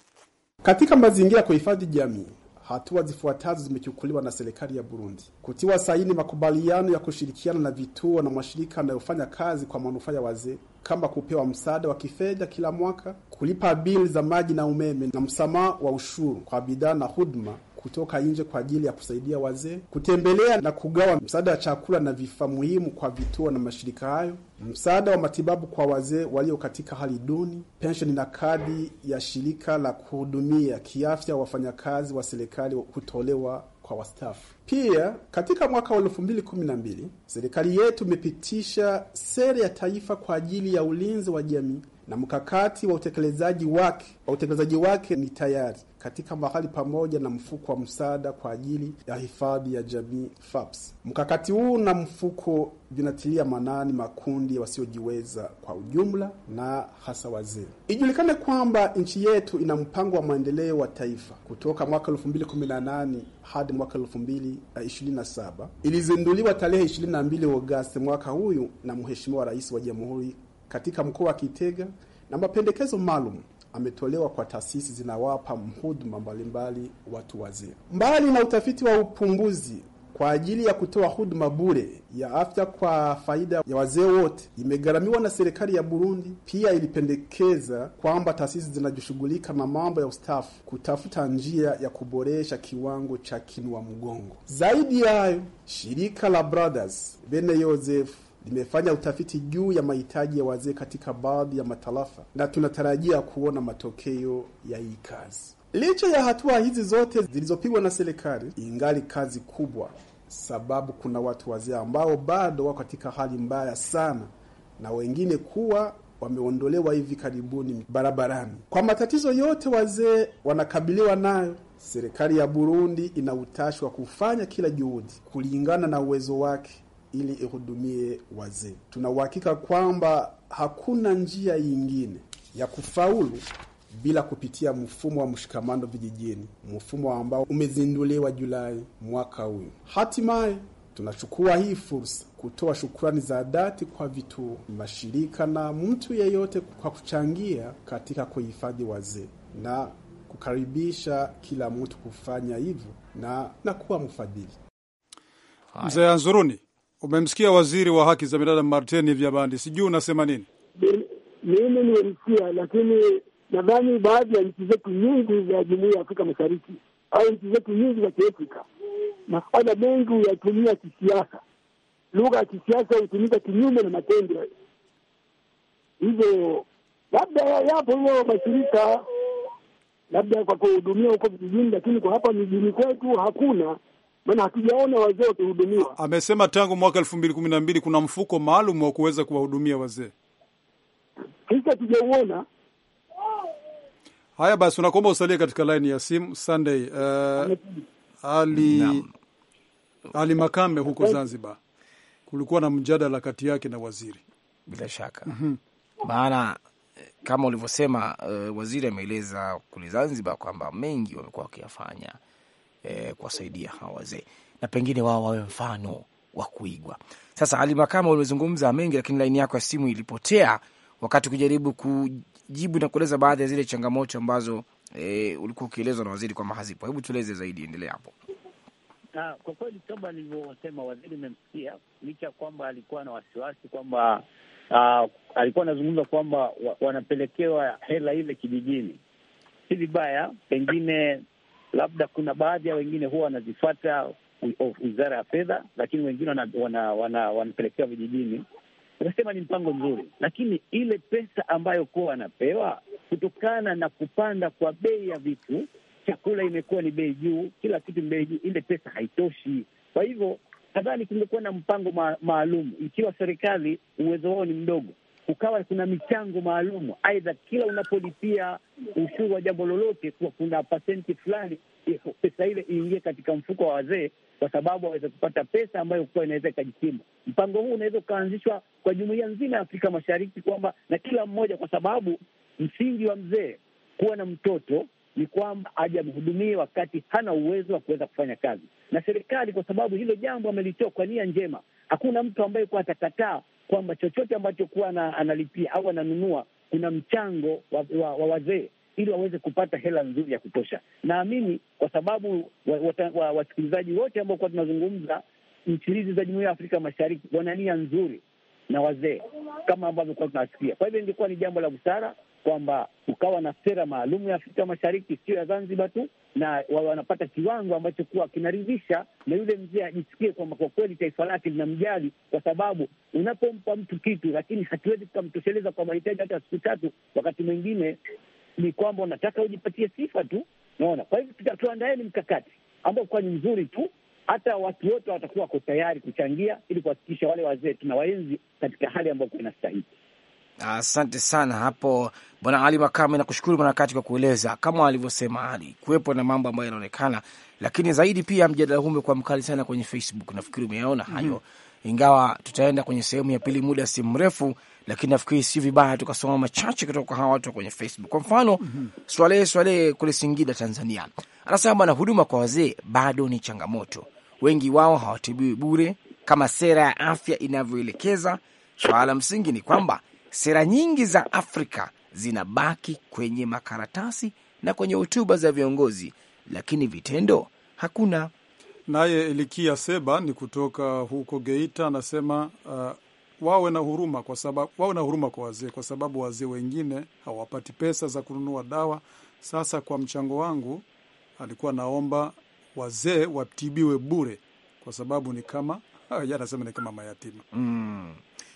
katika mazingira ya kuhifadhi jamii hatua zifuatazo zimechukuliwa na serikali ya Burundi: kutiwa saini makubaliano ya kushirikiana na vituo na mashirika yanayofanya kazi kwa manufaa ya wazee, kama kupewa msaada wa kifedha kila mwaka, kulipa bili za maji na umeme, na msamaha wa ushuru kwa bidhaa na huduma kutoka nje kwa ajili ya kusaidia wazee, kutembelea na kugawa msaada wa chakula na vifaa muhimu kwa vituo na mashirika hayo, msaada wa matibabu kwa wazee walio katika hali duni, pensheni na kadi ya shirika la kuhudumia kiafya wafanyakazi wa serikali kutolewa kwa wastaafu. Pia katika mwaka wa elfu mbili kumi na mbili serikali yetu imepitisha sera ya taifa kwa ajili ya ulinzi wa jamii na mkakati wa utekelezaji wake wa utekelezaji wake ni tayari katika mahali pamoja na mfuko wa msaada kwa ajili ya hifadhi ya jamii FAPS. Mkakati huu na mfuko vinatilia manani makundi wasiojiweza kwa ujumla na hasa wazee. Ijulikane kwamba nchi yetu ina mpango wa maendeleo wa taifa kutoka mwaka 2018 hadi mwaka 2027, ilizinduliwa tarehe 22 Agosti mwaka huyu na Mheshimiwa Rais wa Jamhuri katika mkoa wa Kitega na mapendekezo maalum ametolewa kwa taasisi zinawapa huduma mbalimbali watu wazee. Mbali na utafiti wa upunguzi kwa ajili ya kutoa huduma bure ya afya kwa faida ya wazee wote, imegharamiwa na serikali ya Burundi. Pia ilipendekeza kwamba taasisi zinajishughulika na mambo ya ustafu kutafuta njia ya kuboresha kiwango cha kinua mgongo. Zaidi ya hayo, shirika la Brothers Bene Yosefu limefanya utafiti juu ya mahitaji ya wazee katika baadhi ya matarafa na tunatarajia kuona matokeo ya hii kazi. Licha ya hatua hizi zote zilizopigwa na serikali, ingali kazi kubwa, sababu kuna watu wazee ambao bado wako katika hali mbaya sana, na wengine kuwa wameondolewa hivi karibuni barabarani. Kwa matatizo yote wazee wanakabiliwa nayo, serikali ya Burundi ina utashi wa kufanya kila juhudi kulingana na uwezo wake ili ihudumie wazee. Tuna uhakika kwamba hakuna njia yingine ya kufaulu bila kupitia mfumo wa mshikamano vijijini, mfumo ambao umezinduliwa Julai mwaka huyu. Hatimaye tunachukua hii fursa kutoa shukrani za dhati kwa vituo, mashirika na mtu yeyote kwa kuchangia katika kuhifadhi wazee na kukaribisha kila mtu kufanya hivyo na na kuwa mfadhili. Mzee Anzuruni, Umemsikia waziri wa haki za binadamu Martin Vyabandi, sijui unasema nini? Mimi nimemsikia, lakini nadhani baadhi ya nchi zetu nyingi za jumuiya ya Afrika Mashariki au nchi zetu nyingi za Kiafrika, masuala mengi huyatumia kisiasa. Lugha ya kisiasa hutumika kinyume na matendo, hivyo labda yapo hiyo mashirika labda kwa kuhudumia huko vijijini, lakini kwa hapa mijini kwetu hakuna maana hatujaona wazee wakihudumiwa. Amesema tangu mwaka elfu mbili kumi na mbili kuna mfuko maalum wa kuweza kuwahudumia wazee, sisi hatujauona. Haya basi, unakuomba usalie katika laini ya simu. Sunday uh, Ali Ali Makame huko Zanzibar kulikuwa na mjadala kati yake na waziri, bila shaka mm -hmm. maana kama ulivyosema, uh, waziri ameeleza kule Zanzibar kwamba mengi wamekuwa wakiyafanya Eh, kuwasaidia hawa wazee na pengine wao wawe mfano wa kuigwa. Sasa Ali Makama, umezungumza mengi, lakini laini yako ya simu ilipotea wakati kujaribu kujibu na kueleza baadhi ya zile changamoto ambazo e, ulikuwa ukielezwa na waziri kwamba hazipo. Hebu tueleze zaidi, endelea hapo. Na kwa kweli kama alivyosema waziri, nimemsikia licha ya kwamba alikuwa na wasiwasi kwamba uh, alikuwa anazungumza kwamba wa, wanapelekewa hela ile kijijini. Si vibaya, pengine labda kuna baadhi ya wengine huwa wanazifata wizara ya fedha, lakini wengine wanapelekewa vijijini. Akasema ni mpango mzuri, lakini ile pesa ambayo kuwa wanapewa kutokana na kupanda kwa bei ya vitu, chakula imekuwa ni bei juu, kila kitu ni bei juu, ile pesa haitoshi. Kwa hivyo nadhani kungekuwa na mpango maalum, ikiwa serikali uwezo wao ni mdogo kukawa kuna michango maalum, aidha kila unapolipia ushuru wa jambo lolote, kuwa kuna pasenti fulani eh, pesa ile iingie katika mfuko wa wazee, kwa sababu waweze kupata pesa ambayo kuwa inaweza ikajikimu. Mpango huu unaweza ukaanzishwa kwa jumuiya nzima ya Afrika Mashariki, kwamba na kila mmoja, kwa sababu msingi wa mzee kuwa na mtoto ni kwamba aje amhudumie wakati hana uwezo wa kuweza kufanya kazi. Na serikali kwa sababu hilo jambo amelitoa kwa nia njema, hakuna mtu ambaye kuwa atakataa kwamba chochote ambacho kuwa na, analipia au ananunua kuna mchango wa, wa, wa wazee ili waweze kupata hela nzuri ya kutosha. Naamini kwa sababu wasikilizaji wa, wa, wote ambao kuwa tunazungumza nchi hizi za jumuiya ya Afrika Mashariki wana nia nzuri na wazee kama ambavyo kuwa tunawasikia. Kwa hivyo ingekuwa ni jambo la busara kwamba ukawa na sera maalum ya Afrika Mashariki, sio ya Zanzibar tu, na wawe wanapata kiwango ambacho kuwa kinaridhisha, na yule mzee ajisikie kwamba kwa kweli taifa lake linamjali, kwa sababu unapompa mtu kitu, lakini hakiwezi kukamtosheleza kwa mahitaji hata siku tatu, wakati mwingine ni kwamba unataka ujipatie sifa tu, naona. Kwa hivyo tuandaeni mkakati ambao kuwa ni mzuri tu hata watu wote watakuwa wako tayari kuchangia ili kuhakikisha wale wazee tuna waenzi katika hali ambayo inastahili. Asante sana hapo Bwana Ali Makame, nakushukuru mwanaharakati kwa kueleza. Kama alivyosema Ali, kuwepo na mambo ambayo yanaonekana, lakini zaidi pia mjadala huu umekuwa mkali sana kwenye Facebook. Nafikiri umeona mhm. hayo mm -hmm. Ingawa tutaenda kwenye sehemu ya pili muda si mrefu, lakini nafikiri si vibaya tukasoma machache kutoka kwa hawa watu kwenye Facebook. Kwa mfano mm -hmm. Swalehe Swalehe kule Singida, Tanzania, anasema bwana, huduma kwa wazee bado ni changamoto, wengi wao hawatibiwi bure kama sera ya afya inavyoelekeza. Swala la msingi ni kwamba sera nyingi za Afrika zinabaki kwenye makaratasi na kwenye hotuba za viongozi, lakini vitendo hakuna. Naye Elikia Seba ni kutoka huko Geita anasema uh, wawe na huruma kwa sababu, wawe na huruma kwa wazee kwa sababu wazee wengine hawapati pesa za kununua dawa. Sasa kwa mchango wangu, alikuwa naomba wazee watibiwe bure kwa sababu ni kama anasema ni kama mayatima mm.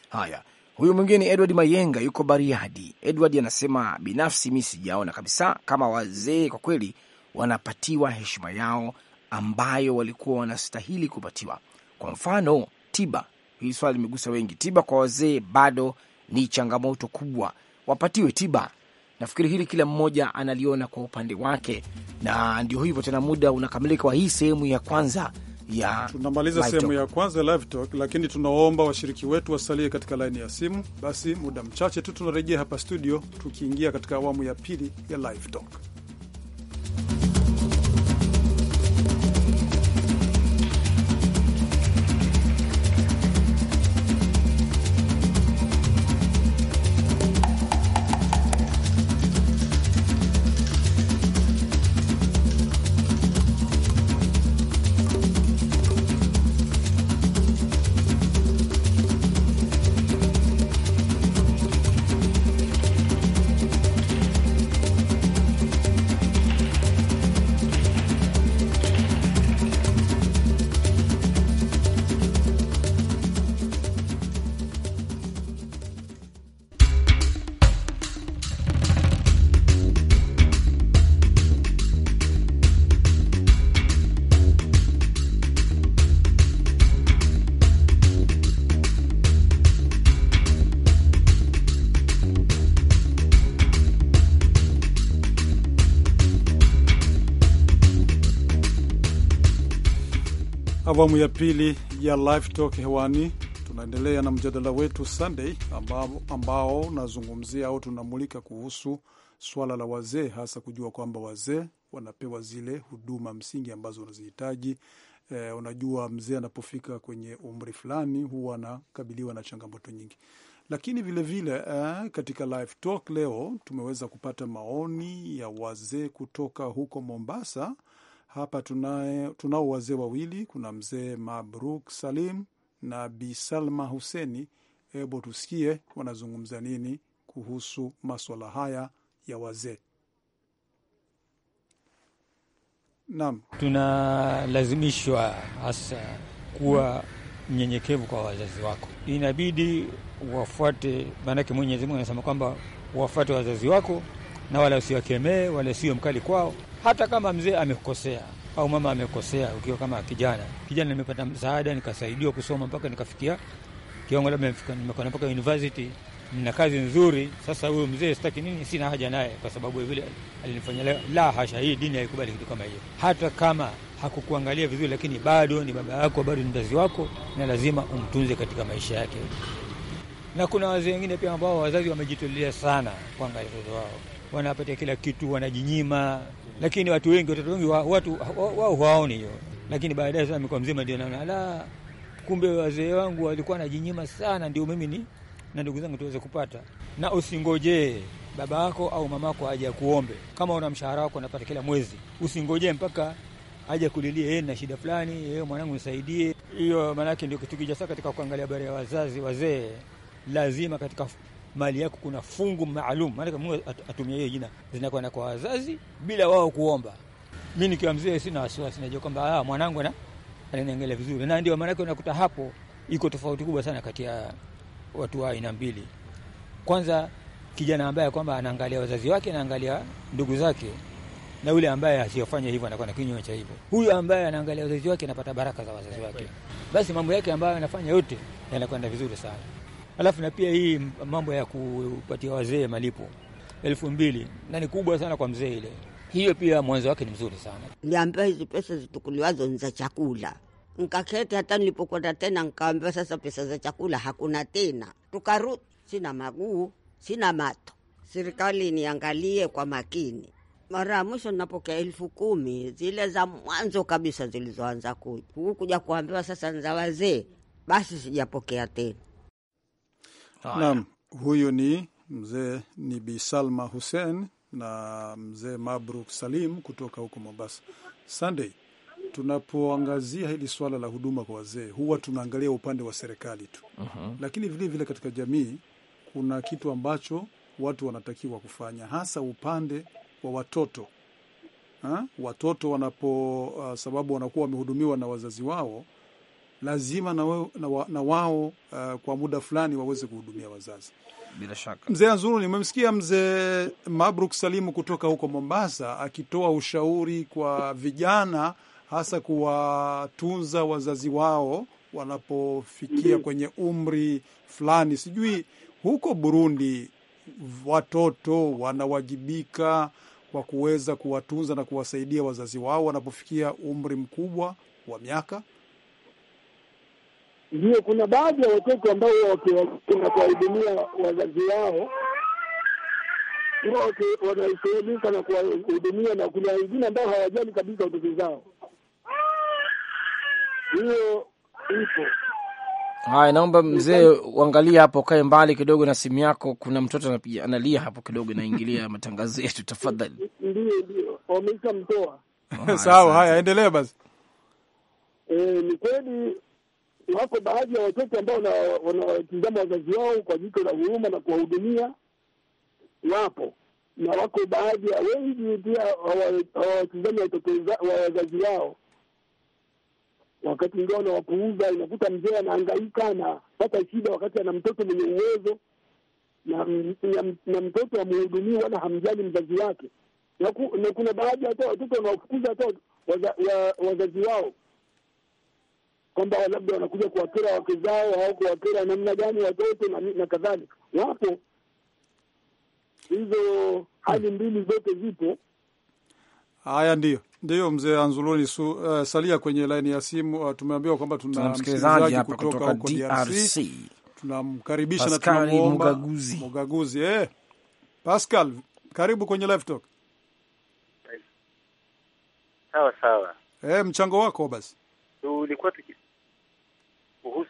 Haya, Huyu mwingine ni Edward Mayenga, yuko Bariadi. Edward anasema binafsi, mi sijaona kabisa kama wazee kwa kweli wanapatiwa heshima yao ambayo walikuwa wanastahili kupatiwa. Kwa mfano tiba, hili swala limegusa wengi. Tiba kwa wazee bado ni changamoto kubwa, wapatiwe tiba. Nafikiri hili kila mmoja analiona kwa upande wake, na ndio hivyo tena, muda unakamilika wa hii sehemu ya kwanza ya tunamaliza sehemu ya kwanza live talk, lakini tunaomba washiriki wetu wasalie katika laini ya simu. Basi muda mchache tu tunarejea hapa studio, tukiingia katika awamu ya pili ya live talk. awamu ya pili ya Live Talk hewani. Tunaendelea na mjadala wetu Sunday ambao, ambao unazungumzia au tunamulika kuhusu swala la wazee, hasa kujua kwamba wazee wanapewa zile huduma msingi ambazo wanazihitaji. E, unajua mzee anapofika kwenye umri fulani huwa anakabiliwa na changamoto nyingi, lakini vilevile vile, eh, katika Live Talk leo tumeweza kupata maoni ya wazee kutoka huko Mombasa hapa tunao wazee wawili, kuna mzee Mabruk Salim na Bi Salma Huseni. Hebu tusikie wanazungumza nini kuhusu maswala haya ya wazee. Naam, tunalazimishwa hasa kuwa mnyenyekevu kwa wazazi wako, inabidi wafuate, maanake Mwenyezi Mungu anasema kwamba wafuate wazazi wako na wala usiwakemee wala sio mkali kwao hata kama mzee amekosea au mama amekosea, ukiwa kama kijana kijana, nimepata msaada nikasaidiwa kusoma mpaka nikafikia kiwango labda nimekwenda mpaka university na kazi nzuri. Sasa huyu mzee sitaki nini, sina haja naye kwa sababu vile alinifanya leo. La hasha, hii dini haikubali kitu kama hiyo. Hata kama hakukuangalia vizuri, lakini bado ni baba yako, bado ni mzazi wako, na lazima umtunze katika maisha yake. Na kuna wazee wengine pia ambao wazazi wamejitolea sana kuangalia watoto wao, wanapatia kila kitu, wanajinyima lakini watu wengi watoto wengi watu wao hawaoni hiyo, lakini baadaye sasa mikoa mzima ndio naona la, kumbe wazee wangu walikuwa najinyima sana, ndio mimi ni na ndugu zangu tuweze kupata. Na usingojee baba yako au mama yako aje kuombe, kama una mshahara wako unapata kila mwezi, usingojee mpaka aje kulilia yeye na shida fulani, yeye mwanangu nisaidie. Hiyo maana yake ndio kitu kija saa katika kuangalia habari ya wazazi wazee, lazima katika mali yako kuna fungu maalum, maanake Mungu atumia hiyo jina, zinakwenda kwa wazazi bila wao kuomba. Mi nikiwa mzee sina wasiwasi, najua kwamba ah, mwanangu ananiangalia vizuri, na ndio maanake unakuta hapo iko tofauti kubwa sana kati ya watu wa aina mbili. Kwanza kijana ambaye kwamba anaangalia wazazi wake, anaangalia ndugu zake, na yule ambaye asiyofanya hivyo anakuwa na kinyume cha hivyo. Huyu ambaye anaangalia wazazi wake anapata baraka za wazazi wake, basi mambo yake ambayo anafanya yote yanakwenda vizuri sana. Alafu na pia hii mambo ya kupatia wazee malipo elfu mbili na ni kubwa sana kwa mzee ile, hiyo pia mwanzo wake ni mzuri sana. Niliambiwa hizi pesa zitukuliwazo ni za chakula, nkaketi. Hata nilipokwenda tena nkaambiwa sasa pesa za chakula hakuna tena, tukarudi. Sina maguu, sina mato. Serikali niangalie kwa makini. Mara ya mwisho ninapokea elfu kumi zile za mwanzo kabisa zilizoanza kuja huku, kuja kuambiwa sasa ni za wazee, basi sijapokea tena. Naam, huyu ni mzee ni Bi Salma Hussein na mzee Mabruk Salim kutoka huko Mombasa. Sunday, tunapoangazia hili swala la huduma kwa wazee huwa tunaangalia upande wa serikali tu uh mhm. -huh. Lakini vilevile vile katika jamii kuna kitu ambacho watu wanatakiwa kufanya, hasa upande wa watoto ha? Watoto wanapo uh, sababu wanakuwa wamehudumiwa na wazazi wao lazima na, we, na, wa, na wao uh, kwa muda fulani waweze kuhudumia wazazi. Bila shaka mzee Anzuru, nimemsikia mzee Mabruk Salimu kutoka huko Mombasa akitoa ushauri kwa vijana, hasa kuwatunza wazazi wao wanapofikia kwenye umri fulani. Sijui huko Burundi watoto wanawajibika kwa kuweza kuwatunza na kuwasaidia wazazi wao wanapofikia umri mkubwa wa miaka ndio, kuna baadhi ya watoto ambao wakiwakuna kuwahudumia wazazi wao wanaishughulika na kuwahudumia, na kuna wengine ambao hawajali kabisa watoto zao. Hiyo ipo. Haya, naomba mzee uangalie hapo, kae mbali kidogo na simu yako. Kuna mtoto analia hapo kidogo, inaingilia matangazo yetu. Tafadhali. Ndio, ndio, wameshamtoa. Sawa, haya, endelea basi. E, ni kweli wako baadhi ya watoto ambao wanawatizama wazazi wao kwa jicho la huruma na kuwahudumia, wapo na wako baadhi ya wengi pia hawawatizami watoto wa wazazi wao, wakati ingawa wanawapuuza. Inakuta mzee anahangaika anapata shida wakati ana mtoto mwenye uwezo na, na, na mtoto amhudumii wala hamjali mzazi wake, na, ku, na kuna baadhi hata watoto wanawafukuza hata wazazi wao kwamba labda wanakuja kuwakera wake zao au kuwakera namna gani watoto na, na kadhalika. Wapo hizo hali mbili, zote zipo. Haya, ndiyo ndiyo, mzee Anzuluni su, uh, salia kwenye laini ya simu. Uh, tumeambiwa kwamba tuna msikilizaji kutoka huko DRC. Tunamkaribisha na tunamuomba Mugaguzi. Eh, Pascal, karibu kwenye live talk. Sawa sawa, eh, mchango wako basi, tulikuwa tuki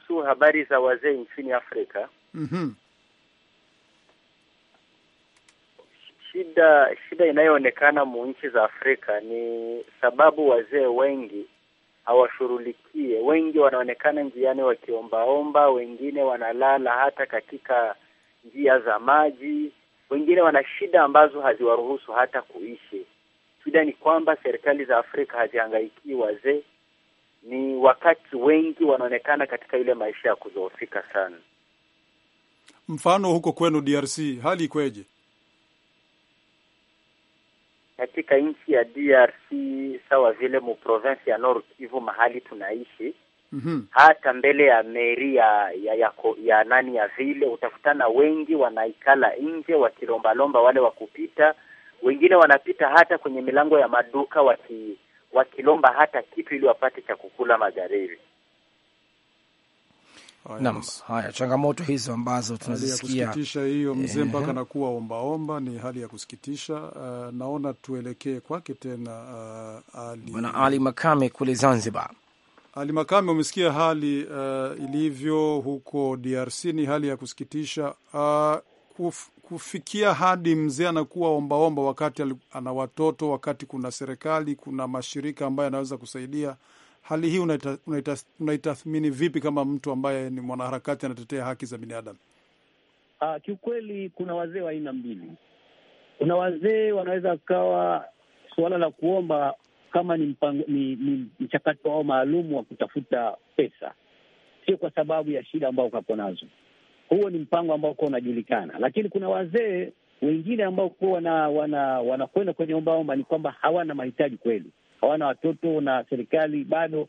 kuhusu habari za wazee nchini Afrika. mm -hmm. Shida shida inayoonekana mu nchi za Afrika ni sababu wazee wengi hawashughulikie, wengi wanaonekana njiani wakiombaomba, wengine wanalala hata katika njia za maji, wengine wana shida ambazo haziwaruhusu hata kuishi. Shida ni kwamba serikali za Afrika haziangaikii wazee ni wakati wengi wanaonekana katika ile maisha ya kudhoofika sana. Mfano huko kwenu DRC hali ikweje? Katika nchi ya DRC sawa vile mu province ya Nord Kivu mahali tunaishi mm -hmm. Hata mbele ya meri ya ya, ya, ya nani ya vile utakutana wengi wanaikala nje wakilombalomba, wale wa kupita, wengine wanapita hata kwenye milango ya maduka waki wakilomba hata kitu ili wapate cha kukula magharibi. Naam, haya changamoto hizo ambazo tunazisikia, kusikitisha hiyo mzee, mpaka nakuwa ombaomba, ni hali ya kusikitisha. Uh, naona tuelekee kwake tena uh, Ali... Bwana Ali Makame kule Zanzibar. Ali Makame, umesikia hali uh, ilivyo huko DRC, ni hali ya kusikitisha uh, kufikia hadi mzee anakuwa ombaomba wakati ana watoto, wakati kuna serikali, kuna mashirika ambayo anaweza kusaidia. Hali hii unaitathmini vipi kama mtu ambaye ni mwanaharakati anatetea haki za binadamu? Uh, kiukweli kuna wazee wa aina mbili. Kuna wazee wanaweza kawa suala la kuomba kama ni mpango, ni, ni mchakato wao maalum wa kutafuta pesa, sio kwa sababu ya shida ambao ukapo nazo huo ni mpango ambao kuwa unajulikana, lakini kuna wazee wengine ambao kuwa wana, wana, wanakwenda kwenye ombaomba ni kwamba hawana mahitaji kweli, hawana watoto na serikali bado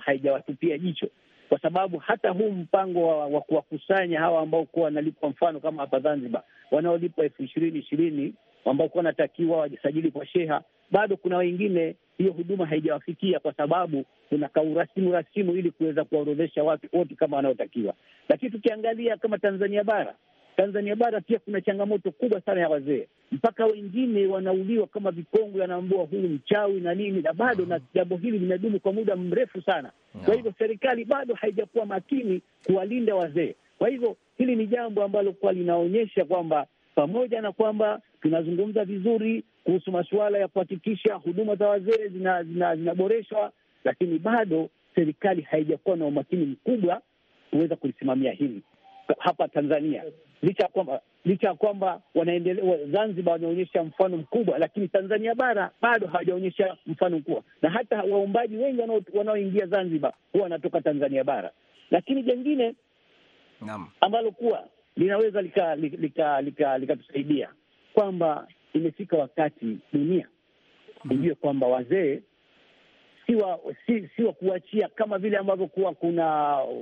haijawatupia haija jicho, kwa sababu hata huu mpango wa kuwakusanya hawa ambao kuwa wanalipwa, mfano kama hapa Zanzibar wanaolipwa elfu ishirini ishirini ambao kuwa wanatakiwa wajisajili kwa sheha bado kuna wengine hiyo huduma haijawafikia kwa sababu kuna kaurasimu rasimu ili kuweza kuwaorodhesha watu wote kama wanaotakiwa. Lakini tukiangalia kama Tanzania bara, Tanzania bara pia kuna changamoto kubwa sana ya wazee, mpaka wengine wanauliwa kama vikongwe, wanaambua huyu mchawi na nini na bado mm -hmm. na jambo hili limedumu kwa muda mrefu sana Kwa hivyo serikali bado haijakuwa makini kuwalinda wazee. Kwa hivyo hili ni jambo ambalo kuwa linaonyesha kwamba pamoja na kwamba tunazungumza vizuri kuhusu masuala ya kuhakikisha huduma za wazee zinaboreshwa zina, zina, lakini bado serikali haijakuwa na umakini mkubwa kuweza kulisimamia hili hapa Tanzania, licha ya kwamba licha ya kwamba wanaendelea Zanzibar wanaonyesha mfano mkubwa, lakini Tanzania bara bado hawajaonyesha mfano mkubwa, na hata waumbaji wengi wanaoingia Zanzibar huwa wanatoka Tanzania bara. Lakini jengine ambalo kuwa linaweza likatusaidia lika, lika, lika kwamba imefika wakati dunia ijue kwamba wazee si wa kuachia kama vile ambavyo kuwa kuna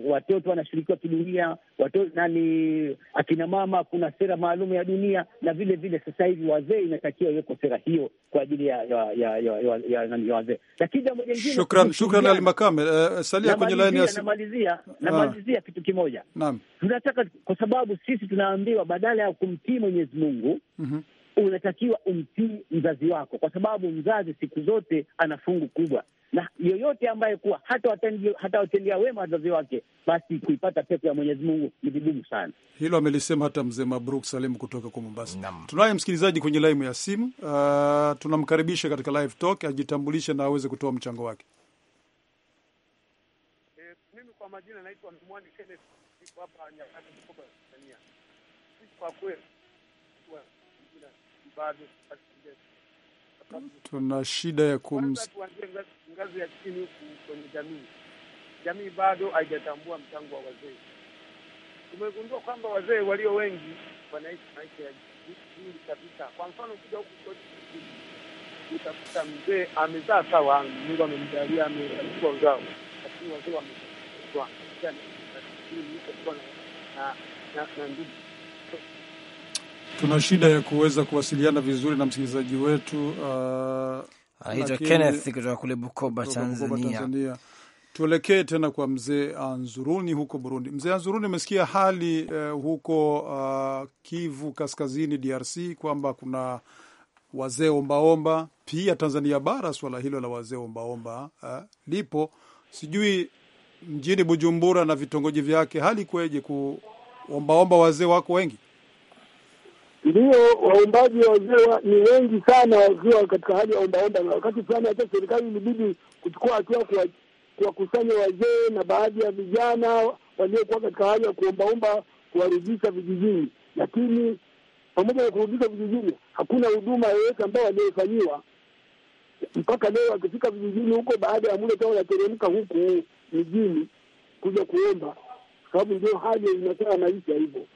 watoto wanashirikiwa kidunia, watoto nani, akina mama, kuna sera maalum ya dunia, na vile vile sasa hivi wazee inatakiwa iweko sera hiyo kwa ajili ya ya ya, ya, ya, ya, ya wazee. Lakini jambo jingine, shukran shukran Ali Makame, uh, salia kwenye line ya namalizia ah. namalizia kitu kimoja. Naam, tunataka kwa sababu sisi tunaambiwa badala ya kumtii Mwenyezi Mungu mm -hmm unatakiwa umtii mzazi wako, kwa sababu mzazi siku zote ana fungu kubwa na yoyote ambaye kuwa hata watendia wema wazazi wake, basi kuipata pepo ya Mwenyezi Mungu ni vigumu sana. Hilo amelisema hata mzee Mabruk Salim kutoka kwa Mombasa. Tunaye msikilizaji kwenye laimu ya simu uh, tunamkaribisha katika live talk, ajitambulishe na aweze kutoa mchango wake. E, mimi kwa majina naitwa Mwani Kenneth, niko hapa Nyakati, Kwa kweli bado tuna shida ya kums... ngazi ya chini huku kwenye jamii. Jamii bado haijatambua mchango wa wazee. Tumegundua kwamba wazee walio wengi wanaishi maisha ya vizuri kabisa. Kwa mfano, ukija huku utakuta mzee amezaa, sawa, Mungu amemjalia, amefanikiwa uzao, lakini wazee wamea na ndugu tuna shida ya kuweza kuwasiliana vizuri na msikilizaji wetu anaitwa uh, Kenneth kutoka kule Bukoba, Tanzania, Tuelekee tena kwa mzee Anzuruni huko Burundi. Mzee Anzuruni, umesikia hali uh, huko uh, Kivu Kaskazini, DRC, kwamba kuna wazee ombaomba pia Tanzania bara, swala hilo la wazee ombaomba uh, lipo sijui mjini Bujumbura na vitongoji vyake, hali kweje kuombaomba wazee wako wengi? ndio waumbaji wa ziwa ni wengi sana, wakiwa katika hali ya ombaomba, na wakati fulani hata serikali ilibidi kuchukua hatua kuwakusanya wazee na baadhi ya vijana waliokuwa katika hali ya kuombaomba, kuwarudisha vijijini. Lakini pamoja na kurudisha vijijini, hakuna huduma yoyote ambayo waliofanyiwa mpaka leo. Wakifika vijijini huko, baada ya muda tao wanateremka huku mijini kuja kuomba, kwa sababu ndio hali inakaa maisha hivyo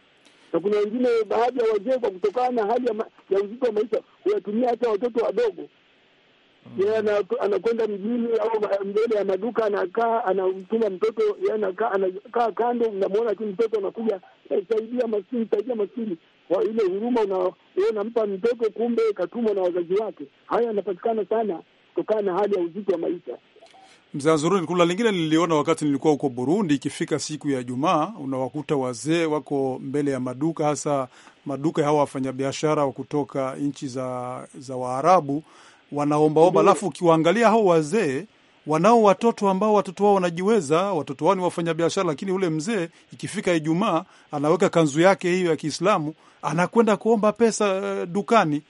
na kuna wengine baadhi ya wazee kwa kutokana na hali ya, ma, ya uzito wa maisha huyatumia hata watoto wadogo mm. yeye yeah, anakwenda mjini au mbele ya maduka anakaa, anamtuma mtoto yeye anakaa, anakaa kando, unamwona tu mtoto anakuja, eh, saidia maskini, saidia maskini. Kwa ile huruma unampa mtoto, kumbe katumwa na wazazi wake. Haya yanapatikana sana kutokana na hali ya uzito wa maisha. Mzanzuruni. Kuna lingine niliona wakati nilikuwa huko Burundi, ikifika siku ya Jumaa unawakuta wazee wako mbele ya maduka, hasa maduka hawa wafanyabiashara wa kutoka nchi za, za Waarabu wanaombaomba, mm-hmm. alafu ukiwaangalia hao wazee wanao watoto ambao watoto wao wanajiweza, watoto wao ni wafanyabiashara, lakini ule mzee ikifika Ijumaa anaweka kanzu yake hiyo ya Kiislamu, anakwenda kuomba pesa eh, dukani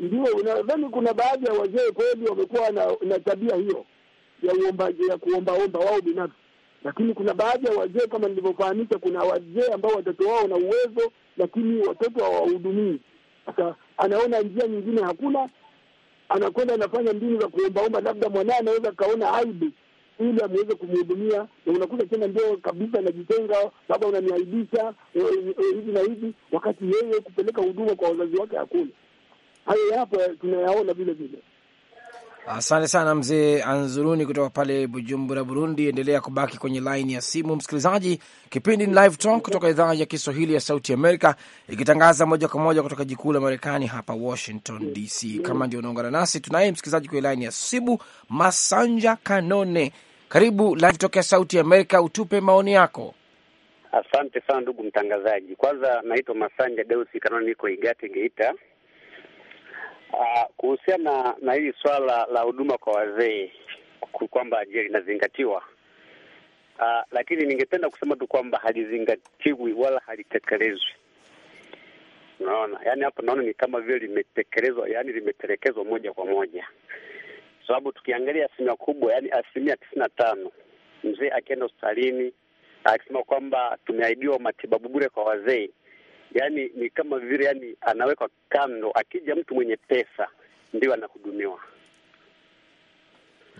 ndio, nadhani kuna baadhi ya wazee kweli wamekuwa na, na tabia hiyo ya uomba, ya kuombaomba wao binafsi, lakini kuna baadhi ya wazee kama nilivyofahamisha, kuna wazee ambao watoto wao na uwezo, lakini watoto hawahudumii. Sasa anaona njia nyingine hakuna, anakwenda anafanya mbinu za kuombaomba, labda mwanaye anaweza kaona aibu ili amweze kumhudumia, na unakuta tena ndio kabisa anajitenga, labda unaniaibisha eh, eh, hivi e, e, na hivi, wakati yeye kupeleka huduma kwa wazazi wake hakuna hayo yapo, tunayaona vile vile. Asante sana mzee Anzuruni kutoka pale Bujumbura, Burundi. Endelea kubaki kwenye laini ya simu, msikilizaji. Kipindi ni Live Talk kutoka idhaa ya Kiswahili ya Sauti Amerika, ikitangaza moja kwa moja kutoka jikuu la Marekani hapa Washington DC. Kama ndio unaungana nasi, tunaye msikilizaji kwenye laini ya simu, Masanja Kanone. Karibu Live Talk ya Sauti Amerika, utupe maoni yako. Asante sana ndugu mtangazaji. Kwanza naitwa Masanja Deusi Kanone, niko Igate, Geita. Uh, kuhusiana na hili swala la huduma kwa wazee kwamba je, linazingatiwa? Uh, ah, lakini ningependa kusema tu kwamba halizingatiwi wala halitekelezwi. Unaona, yani hapa naona ni kama vile limetekelezwa, yani limetelekezwa moja kwa moja, sababu tukiangalia asilimia kubwa, yani asilimia tisini na tano mzee akienda hospitalini akisema kwamba tumeahidiwa matibabu bure kwa wazee yani ni kama vile yani anawekwa kando, akija mtu mwenye pesa ndio anahudumiwa.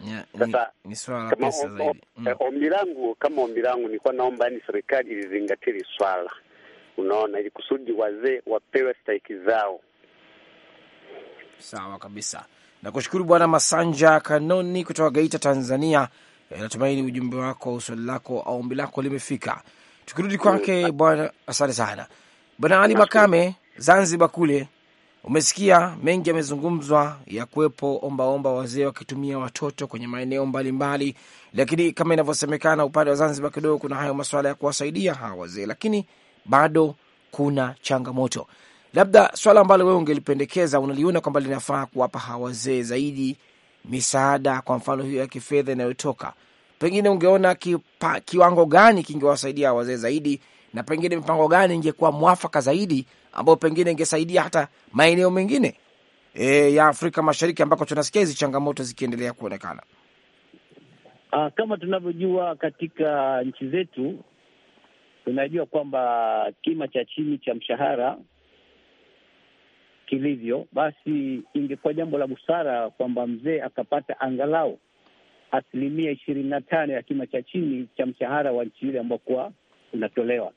Yeah, sasa ni, ni swala kama pesa zaidi. Mm. Eh, ombi langu kama ombi langu nilikuwa naomba yani serikali ilizingatie hili swala, unaona, ili kusudi wazee wapewe stahiki zao. Sawa kabisa, nakushukuru Bwana Masanja Kanoni kutoka Geita, Tanzania. Eh, natumaini ujumbe wako, swali lako au ombi lako limefika. Tukirudi kwake mm, Bwana, asante sana. Bwana Ali Makame, Zanzibar kule umesikia mengi yamezungumzwa ya kuwepo ombaomba, wazee wakitumia watoto kwenye maeneo mbalimbali, lakini kama inavyosemekana upande wa Zanzibar kidogo kuna hayo masuala ya kuwasaidia hawa wazee, lakini bado kuna changamoto. Labda swala ambalo wewe ungelipendekeza unaliona kwamba linafaa kuwapa hawa wazee zaidi misaada, kwa mfano hiyo ya kifedha inayotoka, pengine ungeona kiwango gani kingewasaidia wazee zaidi na pengine mipango gani ingekuwa mwafaka zaidi ambayo pengine ingesaidia hata maeneo mengine e, ya Afrika Mashariki ambako tunasikia hizi changamoto zikiendelea kuonekana. Uh, kama tunavyojua katika nchi zetu tunajua kwamba kima cha chini cha mshahara kilivyo, basi ingekuwa jambo la busara kwamba mzee akapata angalau asilimia ishirini na tano ya kima cha chini cha mshahara wa nchi ile ambayo kuwa unatolewa.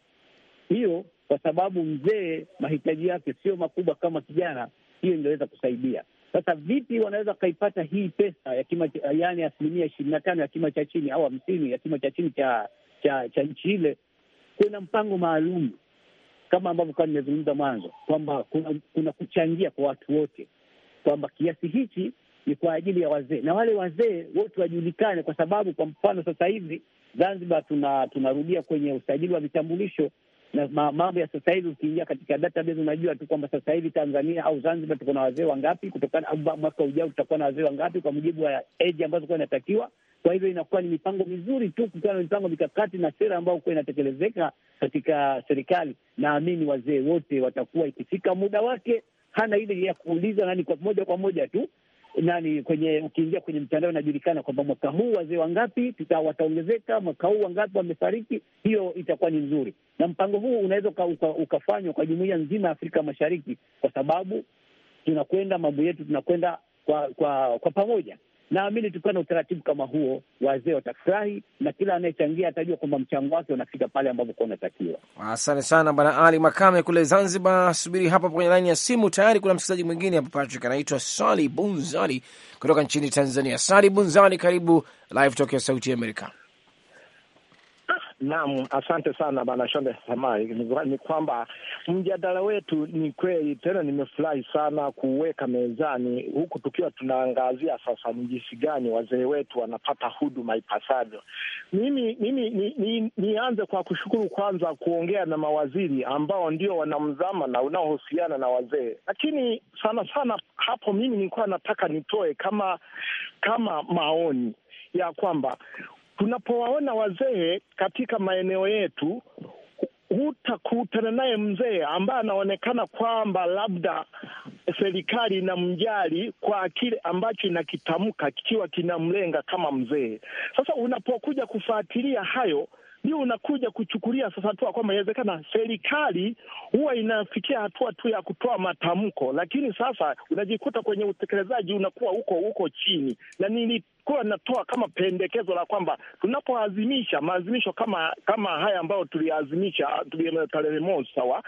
Hiyo kwa sababu mzee mahitaji yake sio makubwa kama kijana, hiyo ingeweza kusaidia. Sasa vipi wanaweza wakaipata hii pesa ya kima, yaani asilimia ishirini na tano ya kima cha chini au hamsini ya kima cha chini cha cha, cha nchi ile? Kuna mpango maalum kama ambavyo kaa nimezungumza mwanzo kwamba kuna, kuna kuchangia kwa watu wote kwamba kiasi hichi ni kwa ajili ya wazee, na wale wazee wote wajulikane, kwa sababu kwa mfano sasa hivi Zanzibar tuna tunarudia kwenye usajili wa vitambulisho na mambo ya sasa hivi. Ukiingia katika database unajua tu kwamba sasa hivi Tanzania au Zanzibar tuko na wazee wangapi, kutokana au mwaka ujao tutakuwa na wazee wangapi kwa mujibu wa eji ambazo kuwa inatakiwa. Kwa hivyo inakuwa ni mipango mizuri tu, kukiwa na mipango mikakati na sera ambayo kuwa inatekelezeka katika serikali. Naamini wazee wote watakuwa, ikifika muda wake hana ile ya kuuliza nani, kwa moja kwa moja tu nani kwenye ukiingia kwenye mtandao inajulikana kwamba mwaka huu wazee wangapi wataongezeka, mwaka huu wangapi wamefariki. Hiyo itakuwa ni nzuri, na mpango huu unaweza uka, ukafanywa kwa jumuiya nzima ya Afrika Mashariki, kwa sababu tunakwenda mambo yetu tunakwenda kwa, kwa, kwa pamoja. Naamini tukiwa na utaratibu kama huo, wazee watafurahi na kila anayechangia atajua kwamba mchango wake unafika pale ambapo kuwa unatakiwa. Asante sana Bwana Ali Makame kule Zanzibar. Subiri hapa kwenye laini ya simu, tayari kuna msikilizaji mwingine hapa, Patrick anaitwa Sali Bunzali kutoka nchini Tanzania. Sali Bunzali, karibu Live Talk ya Sauti ya Amerika. Naam, asante sana bana Shonde Samai. Ni kwamba mjadala wetu ni kweli tena, nimefurahi sana kuweka mezani huku tukiwa tunaangazia sasa ni jinsi gani wazee wetu wanapata huduma ipasavyo. Mimi mimi ni, ni kwa kushukuru kwanza kuongea na mawaziri ambao ndio wanamzama na unaohusiana na wazee, lakini sana sana hapo mimi nilikuwa nataka nitoe kama kama maoni ya kwamba tunapowaona wazee katika maeneo yetu, hutakutana naye mzee ambaye anaonekana kwamba labda serikali inamjali kwa kile ambacho inakitamka kikiwa kinamlenga kama mzee. Sasa unapokuja kufuatilia hayo ndio unakuja kuchukulia sasa hatua kwamba inawezekana serikali huwa inafikia hatua tu ya kutoa matamko, lakini sasa unajikuta kwenye utekelezaji unakuwa huko huko chini, na kuwa natoa kama pendekezo la kwamba tunapoazimisha maazimisho kama kama haya ambayo tuliazimisha tarehe mosi, sawa,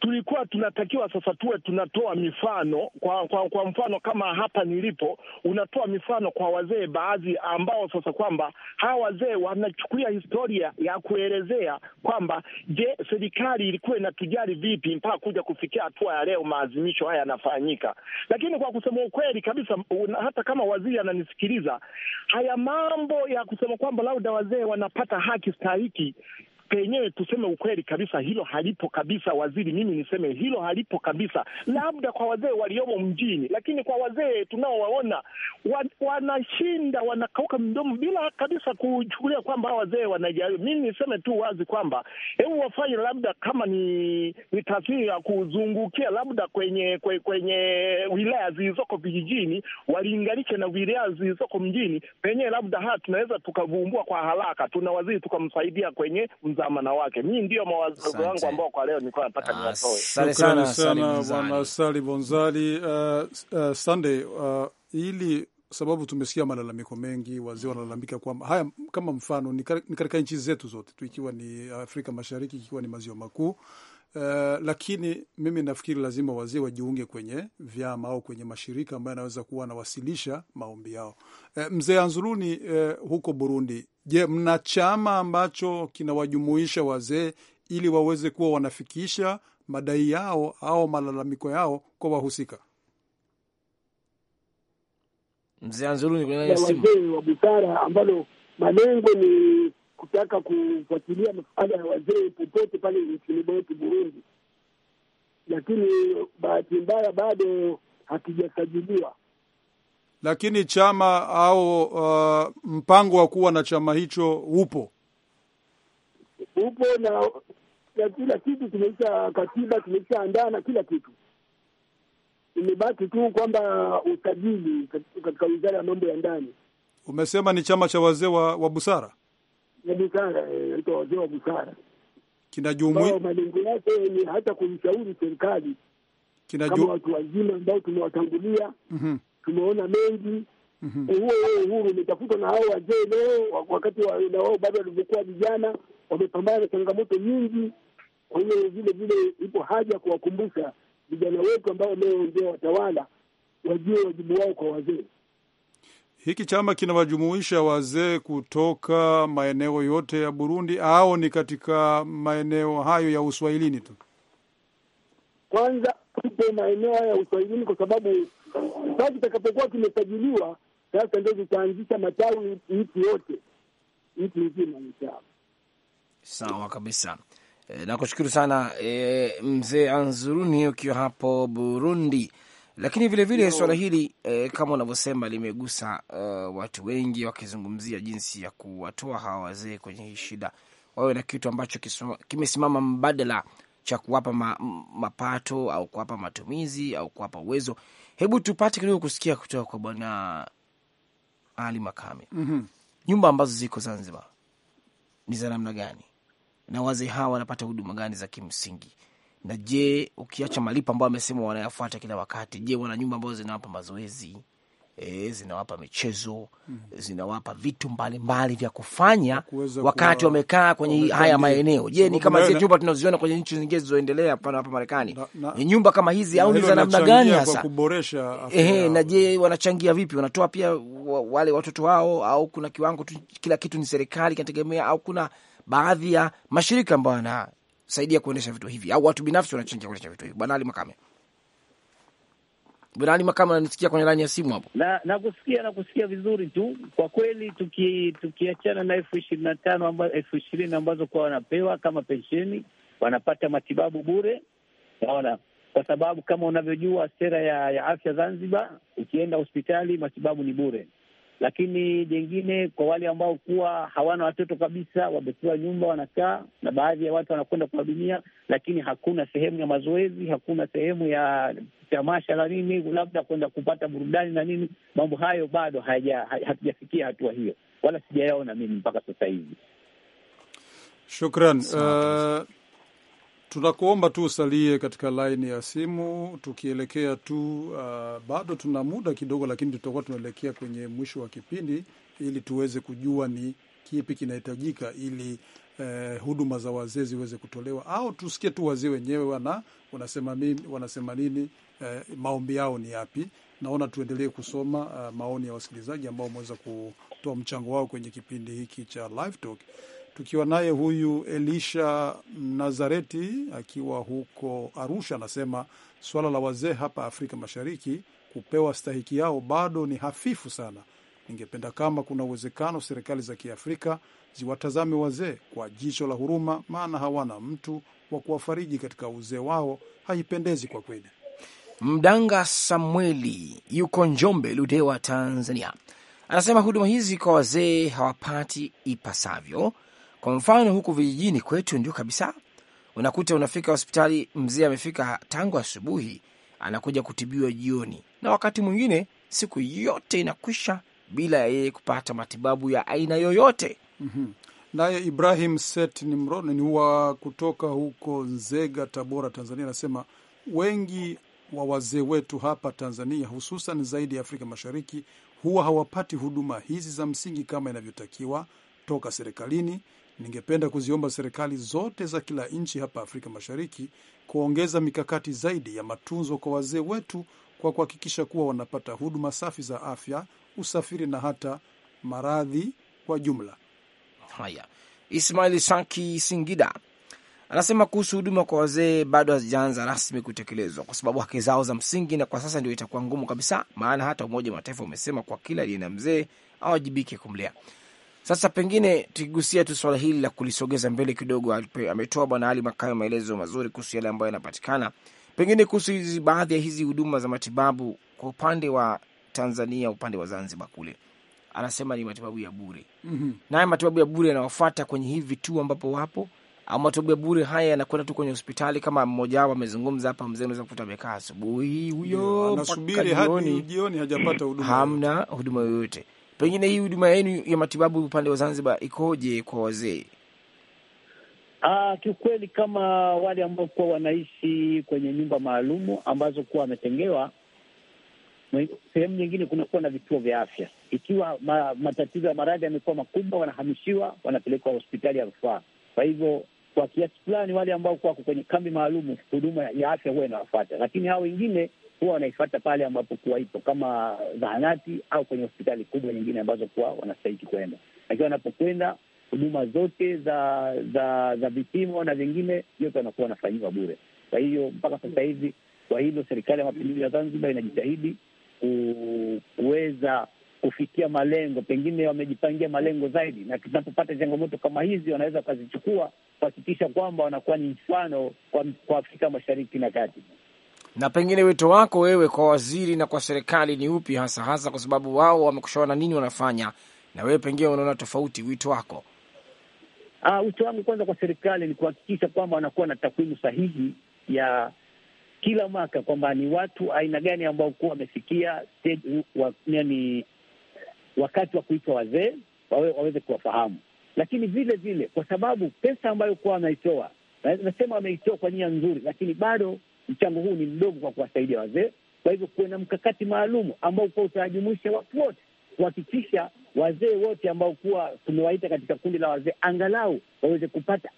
tulikuwa tunatakiwa sasa tuwe tunatoa mifano kwa, kwa, kwa mfano kama hapa nilipo, unatoa mifano kwa wazee baadhi ambao sasa kwamba hawa wazee wanachukulia historia ya kuelezea kwamba je, serikali ilikuwa inatujali vipi mpaka kuja kufikia hatua ya leo maazimisho haya yanafanyika. Lakini kwa kusema ukweli kabisa, hata kama waziri ananisikiliza haya mambo ya kusema kwamba labda wazee wanapata haki stahiki penyewe tuseme ukweli kabisa, hilo halipo kabisa. Waziri, mimi niseme hilo halipo kabisa, labda kwa wazee waliomo mjini, lakini kwa wazee tunaowaona wanashinda wanakauka mdomo bila kabisa kuchukulia kwamba wazee wanajali. Mimi niseme tu wazi kwamba hebu wafanye labda kama ni, ni tathmini ya kuzungukia labda kwenye kwe, kwenye wilaya zilizoko vijijini walinganishe na wilaya zilizoko mjini, penyewe labda haya tunaweza tukavumbua kwa haraka, tuna waziri tukamsaidia kwenye mza za wake. Mi ndio mawazo yangu ambao kwa leo nilikuwa nataka niwatoe. Asante sana bwana Sali Bonzali. Uh, uh, Sunday uh, ili sababu tumesikia malalamiko mengi, wazee wanalalamika kwamba haya, kama mfano ni katika nchi zetu zote tu, ikiwa ni Afrika Mashariki, ikiwa ni maziwa makuu. Uh, lakini mimi nafikiri lazima wazee wajiunge kwenye vyama au kwenye mashirika ambayo anaweza kuwa anawasilisha maombi yao. Uh, mzee Anzuruni uh, huko Burundi Je, mna chama ambacho kinawajumuisha wazee ili waweze kuwa wanafikisha madai yao au malalamiko yao kwa wahusika? Mzee kwenye simu wazee wa busara, ambalo malengo ni kutaka kufuatilia masuala ya wazee popote pale nchini mwetu Burundi, lakini bahati mbaya bado hakijasajiliwa lakini chama au uh, mpango wa kuwa na chama hicho upo upo na, na kila kitu tumeisha, katiba tumeisha andaa na kila kitu imebaki tu kwamba usajili katika wizara ya mambo ya ndani. Umesema ni chama cha wazee wa, wa busara wa busara eh, naitwa wazee wa busara kinajumuisha. Malengo yake ni hata kuishauri serikali kama watu wazima ambao tumewatangulia mm -hmm tumeona mengi Mm huo Uhuru umetafutwa na hao wazee leo, wakati na wao bado walivyokuwa vijana, wamepambana na changamoto nyingi. Kwa hiyo vile vile ipo haja kuwakumbusha vijana wetu ambao leo ndio watawala, wajue wajibu wao kwa wazee. Hiki chama kinawajumuisha wazee kutoka maeneo yote ya Burundi au ni katika maeneo hayo ya Uswahilini tu? Kwanza tupo maeneo haya ya Uswahilini kwa sababu sasa kitakapokuwa kimesajiliwa sasa ndio zitaanzisha matawi nchi yote, nchi nzima. Sawa kabisa. E, nakushukuru sana e, mzee Anzuruni ukiwa hapo Burundi. Lakini vilevile suala hili e, kama unavyosema limegusa uh, watu wengi wakizungumzia jinsi ya kuwatoa hawa wazee kwenye hii shida, wawe na kitu ambacho kimesimama mbadala cha kuwapa ma, mapato au kuwapa matumizi au kuwapa uwezo. Hebu tupate kidogo kusikia kutoka kwa Bwana Ali Makame mm -hmm. nyumba ambazo ziko Zanzibar ni za namna gani na wazee hawa wanapata huduma gani za kimsingi? Na je, ukiacha malipo ambayo amesema wanayafuata kila wakati, je, wana nyumba ambazo zinawapa mazoezi e, zinawapa michezo mm -hmm. zinawapa vitu mbalimbali mbali vya kufanya wakati wamekaa kwenye haya maeneo. Je, ni kama zile nyumba tunaziona kwenye nchi zingine zilizoendelea, mfano hapa Marekani, ni nyumba kama hizi au ni za namna gani hasa? Ehe, na je wanachangia vipi? Wanatoa pia wale watoto wao, au kuna kiwango tu kila kitu ni serikali kinategemea, au kuna baadhi ya mashirika ambayo yanasaidia kuendesha vitu hivi, au watu binafsi wanachangia kuendesha vitu hivi? Bwana Ali Makame. Binali Makama, nanisikia kwenye laini ya simu hapo? Na nakusikia nakusikia vizuri tu kwa kweli. Tuki, tukiachana na elfu ishirini na tano elfu ishirini ambazo kwa wanapewa kama pensheni, wanapata matibabu bure, naona kwa sababu kama unavyojua sera ya, ya afya Zanzibar, ukienda hospitali matibabu ni bure. Lakini jengine kwa wale ambao kuwa hawana watoto kabisa, wamekuwa nyumba wanakaa, na baadhi ya watu wanakwenda kuwahudumia, lakini hakuna sehemu ya mazoezi, hakuna sehemu ya tamasha na nini, labda kwenda kupata burudani na nini. Mambo hayo bado hatujafikia hatua hiyo, wala sijayaona mimi mpaka sasa hivi. Shukran. Tunakuomba tu usalie katika laini ya simu tukielekea tu. Uh, bado tuna muda kidogo, lakini tutakuwa tunaelekea kwenye mwisho wa kipindi ili tuweze kujua ni kipi kinahitajika ili eh, huduma za wazee ziweze kutolewa, au tusikie tu wazee wenyewe wana wanasema nini, wanasema nini eh, maombi yao ni yapi. Naona tuendelee kusoma uh, maoni ya wasikilizaji ambao wameweza kutoa mchango wao kwenye kipindi hiki cha Live Talk. Tukiwa naye huyu Elisha Nazareti akiwa huko Arusha, anasema swala la wazee hapa Afrika Mashariki kupewa stahiki yao bado ni hafifu sana. Ningependa kama kuna uwezekano serikali za Kiafrika ziwatazame wazee kwa jicho la huruma, maana hawana mtu wa kuwafariji katika uzee wao. Haipendezi kwa kweli. Mdanga Samueli yuko Njombe, Ludewa, Tanzania, anasema huduma hizi kwa wazee hawapati ipasavyo, kwa mfano huku vijijini kwetu ndio kabisa, unakuta unafika hospitali, mzee amefika tangu asubuhi, anakuja kutibiwa jioni, na wakati mwingine siku yote inakwisha bila ya yeye kupata matibabu ya aina yoyote. mm -hmm. Naye Ibrahim Set ni mrone ni wa kutoka huko Nzega, Tabora, Tanzania, anasema wengi wa wazee wetu hapa Tanzania, hususan zaidi ya Afrika Mashariki, huwa hawapati huduma hizi za msingi kama inavyotakiwa toka serikalini. Ningependa kuziomba serikali zote za kila nchi hapa Afrika Mashariki kuongeza mikakati zaidi ya matunzo kwa wazee wetu kwa kuhakikisha kuwa wanapata huduma safi za afya, usafiri na hata maradhi kwa jumla. Haya, Ismail Saki Singida anasema kuhusu huduma kwa wazee bado hazijaanza rasmi kutekelezwa kwa sababu haki zao za msingi, na kwa sasa ndio itakuwa ngumu kabisa, maana hata Umoja wa Mataifa umesema kwa kila aliye na mzee awajibike kumlea. Sasa pengine tukigusia tu swala hili la kulisogeza mbele kidogo, ametoa Bwana Ali Makayo maelezo mazuri kuhusu yale ambayo yanapatikana, pengine kuhusu hizi baadhi ya hizi huduma za matibabu kwa upande wa Tanzania, upande wa Zanzibar kule anasema ni matibabu ya bure mm -hmm. Naye matibabu ya bure yanawafata kwenye hivi vituo ambapo wapo au matibabu ya bure haya yanakwenda tu kwenye hospitali, kama mmoja wao amezungumza hapa, mzee unaweza kukuta amekaa asubuhi huyo, anasubiri hadi jioni, hajapata huduma, hamna huduma yoyote. Pengine hii huduma yenu ya matibabu upande wa Zanzibar ikoje kwa wazee? Ah, kiukweli kama wale ambao kuwa wanaishi kwenye nyumba maalumu ambazo kuwa wametengewa sehemu nyingine kunakuwa na vituo vya afya. Ikiwa ma, matatizo ya maradhi yamekuwa makubwa, wanahamishiwa wanapelekwa hospitali ya rufaa. Kwa hivyo kwa kiasi fulani wale ambao kuwa wako kwenye kambi maalum huduma ya afya huwa inawafuata, lakini hao wengine huwa wanaifata pale ambapo kuwa ipo kama zahanati au kwenye hospitali kubwa nyingine ambazo kuwa wanastahiki kwenda, lakini wanapokwenda huduma zote za za za vipimo na vingine yote wanakuwa wanafanyiwa bure. Kwa hiyo mpaka sasa hivi, kwa hilo serikali ya mapinduzi ya Zanzibar inajitahidi kuweza kufikia malengo, pengine wamejipangia malengo zaidi, na tunapopata changamoto kama hizi wanaweza wakazichukua kuhakikisha kwamba wanakuwa ni mfano kwa Afrika Mashariki na Kati. Na pengine wito wako wewe kwa waziri na kwa serikali ni upi hasa hasa, kwa sababu wao wamekushaona nini wanafanya na wewe pengine unaona tofauti, wito wako? Ah, wito uh, wangu kwanza kwa serikali ni kuhakikisha kwamba wanakuwa na takwimu sahihi ya kila mwaka kwamba ni watu aina gani ambao kuwa wamefikia wa, yani, wakati wa kuitwa wazee waweze kuwafahamu. Lakini vile vile, kwa sababu pesa ambayo kuwa wanaitoa, nasema wameitoa kwa nia nzuri, lakini bado mchango huu ni mdogo kwa kuwasaidia wazee. Kwa hivyo kuwe na mkakati maalum ambao kuwa utawajumuisha watu wote, kuhakikisha wazee wote ambao kuwa tumewaita katika kundi la wazee angalau waweze kupata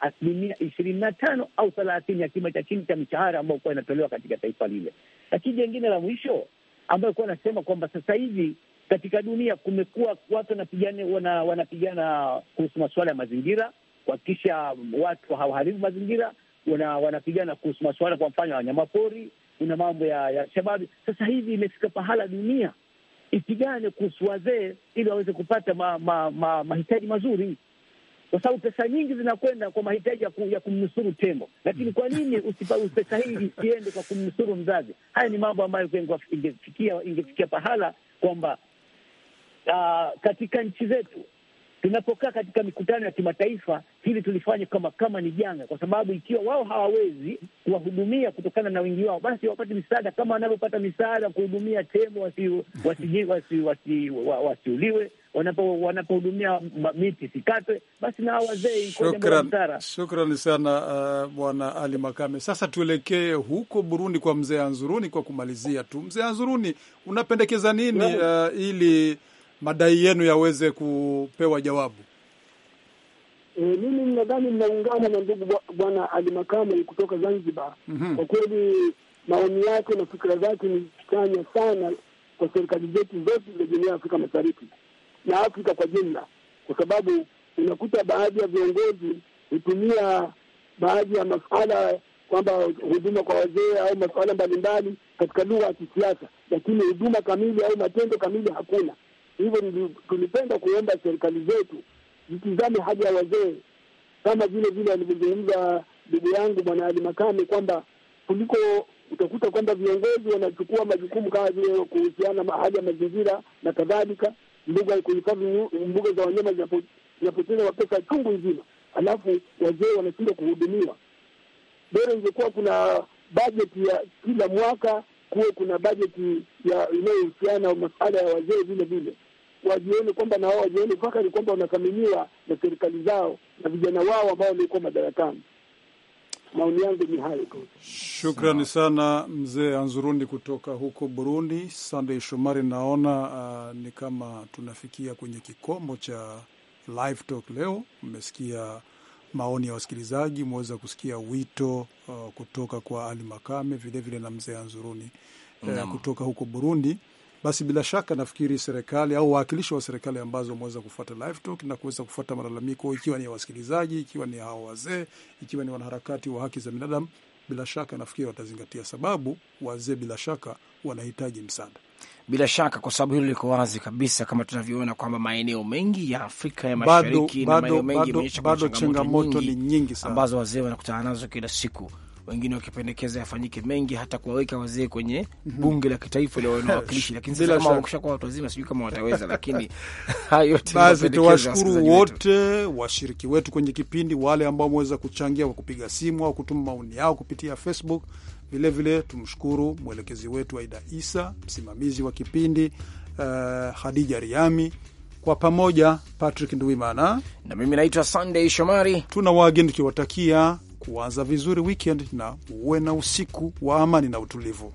asilimia ishirini na tano au thelathini ya kima cha chini cha mishahara ambao kuwa inatolewa katika taifa lile. Lakini jengine la mwisho ambayo kuwa anasema kwamba sasa hivi katika dunia kumekuwa watu wanapigana wana, wanapigana kuhusu masuala ya mazingira, kuhakikisha watu hawaharibu mazingira wana, wanapigana kuhusu masuala kwa mfano ya wanyama pori kuna mambo ya, ya shababi. Sasa hivi imefika pahala dunia ipigane kuhusu wazee ili waweze kupata ma, ma, ma, mahitaji mazuri, kwa sababu pesa nyingi zinakwenda kwa mahitaji ya, ku, ya kumnusuru tembo. Lakini kwa nini pesa hii isiende kwa kumnusuru mzazi? Haya ni mambo ambayo ingefikia, ingefikia pahala kwamba uh, katika nchi zetu tunapokaa katika mikutano ya kimataifa, hili tulifanya kama kama ni janga, kwa sababu ikiwa wao hawawezi kuwahudumia kutokana na wingi wao, basi wapate misaada kama wanavyopata misaada kuhudumia tembo wasiuliwe, wasi, wasi, wasi, wasi wanapohudumia miti sikatwe, basi na wazee. Shukrani sana uh, Bwana Ali Makame. Sasa tuelekee huko Burundi kwa mzee Anzuruni kwa kumalizia tu. Mzee Anzuruni, unapendekeza nini uh, ili madai yenu yaweze kupewa jawabu? E, mimi nadhani ninaungana na ndugu bwana Ali Makame kutoka Zanzibar. mm -hmm. Kwa kweli maoni yake na fikira zake ni chanya sana kwa serikali zetu zote za jumuiya ya Afrika Mashariki na Afrika kwa jumla, kwa sababu unakuta baadhi ya viongozi hutumia baadhi ya masuala kwamba huduma kwa wazee au masuala mbalimbali katika lugha ya kisiasa, lakini huduma kamili au matendo kamili hakuna. Hivyo tulipenda kuomba serikali zetu zitizame haja ya wazee, kama vile vile alivyozungumza ndugu yangu Bwana Ali Makame kwamba kuliko utakuta kwamba viongozi wanachukua majukumu kama vile kuhusiana na hali ya mazingira na kadhalika, mbuga kuhifadhi mbuga za wanyama zinapoteza pesa chungu nzima, alafu wazee wanashindwa kuhudumiwa. Bora ingekuwa kuna bajeti ya kila mwaka, kuwe kuna bajeti ya inayohusiana masuala ya wazee vile vile wajione kwamba na wao wajione fakari kwamba wanathaminiwa na serikali zao na vijana wao ambao walikuwa madarakani. Maoni yangu ni hayo tu. Shukrani sana mzee Anzurundi kutoka huko Burundi. Sandey Shomari, naona uh, ni kama tunafikia kwenye kikomo cha live talk leo. Mmesikia maoni ya wasikilizaji, mmeweza kusikia wito uh, kutoka kwa Ali Makame vilevile na mzee Anzuruni uh, kutoka huko Burundi basi bila shaka nafikiri serikali au wawakilishi wa serikali ambazo wameweza kufuata live talk na kuweza kufuata malalamiko, ikiwa ni wasikilizaji, ikiwa ni hawa wazee, ikiwa ni wanaharakati wa haki za binadamu, bila shaka nafikiri watazingatia, sababu wazee bila shaka wanahitaji msaada bila shaka kwa sababu hilo liko wazi kabisa, kama tunavyoona kwamba maeneo mengi ya Afrika ya Mashariki na maeneo mengi bado changamoto ni nyingi sana ambazo wazee wanakutana nazo kila siku wengine wakipendekeza yafanyike mengi, hata kuwaweka wazee kwenye bunge la kitaifa la wanawakilishi, lakini sasa kama wakishakuwa watu wazima, sijui kama wataweza, lakini hayo yote. Basi tuwashukuru wote washiriki wetu kwenye kipindi, wale ambao wameweza kuchangia kwa kupiga simu au kutuma maoni yao kupitia Facebook. Vilevile tumshukuru mwelekezi wetu Aida Isa, msimamizi wa kipindi uh, eh, Hadija Riami. Kwa pamoja Patrick Nduimana na mimi naitwa Sunday Shomari, tuna wageni tukiwatakia kuanza vizuri weekend na uwe na usiku wa amani na utulivu.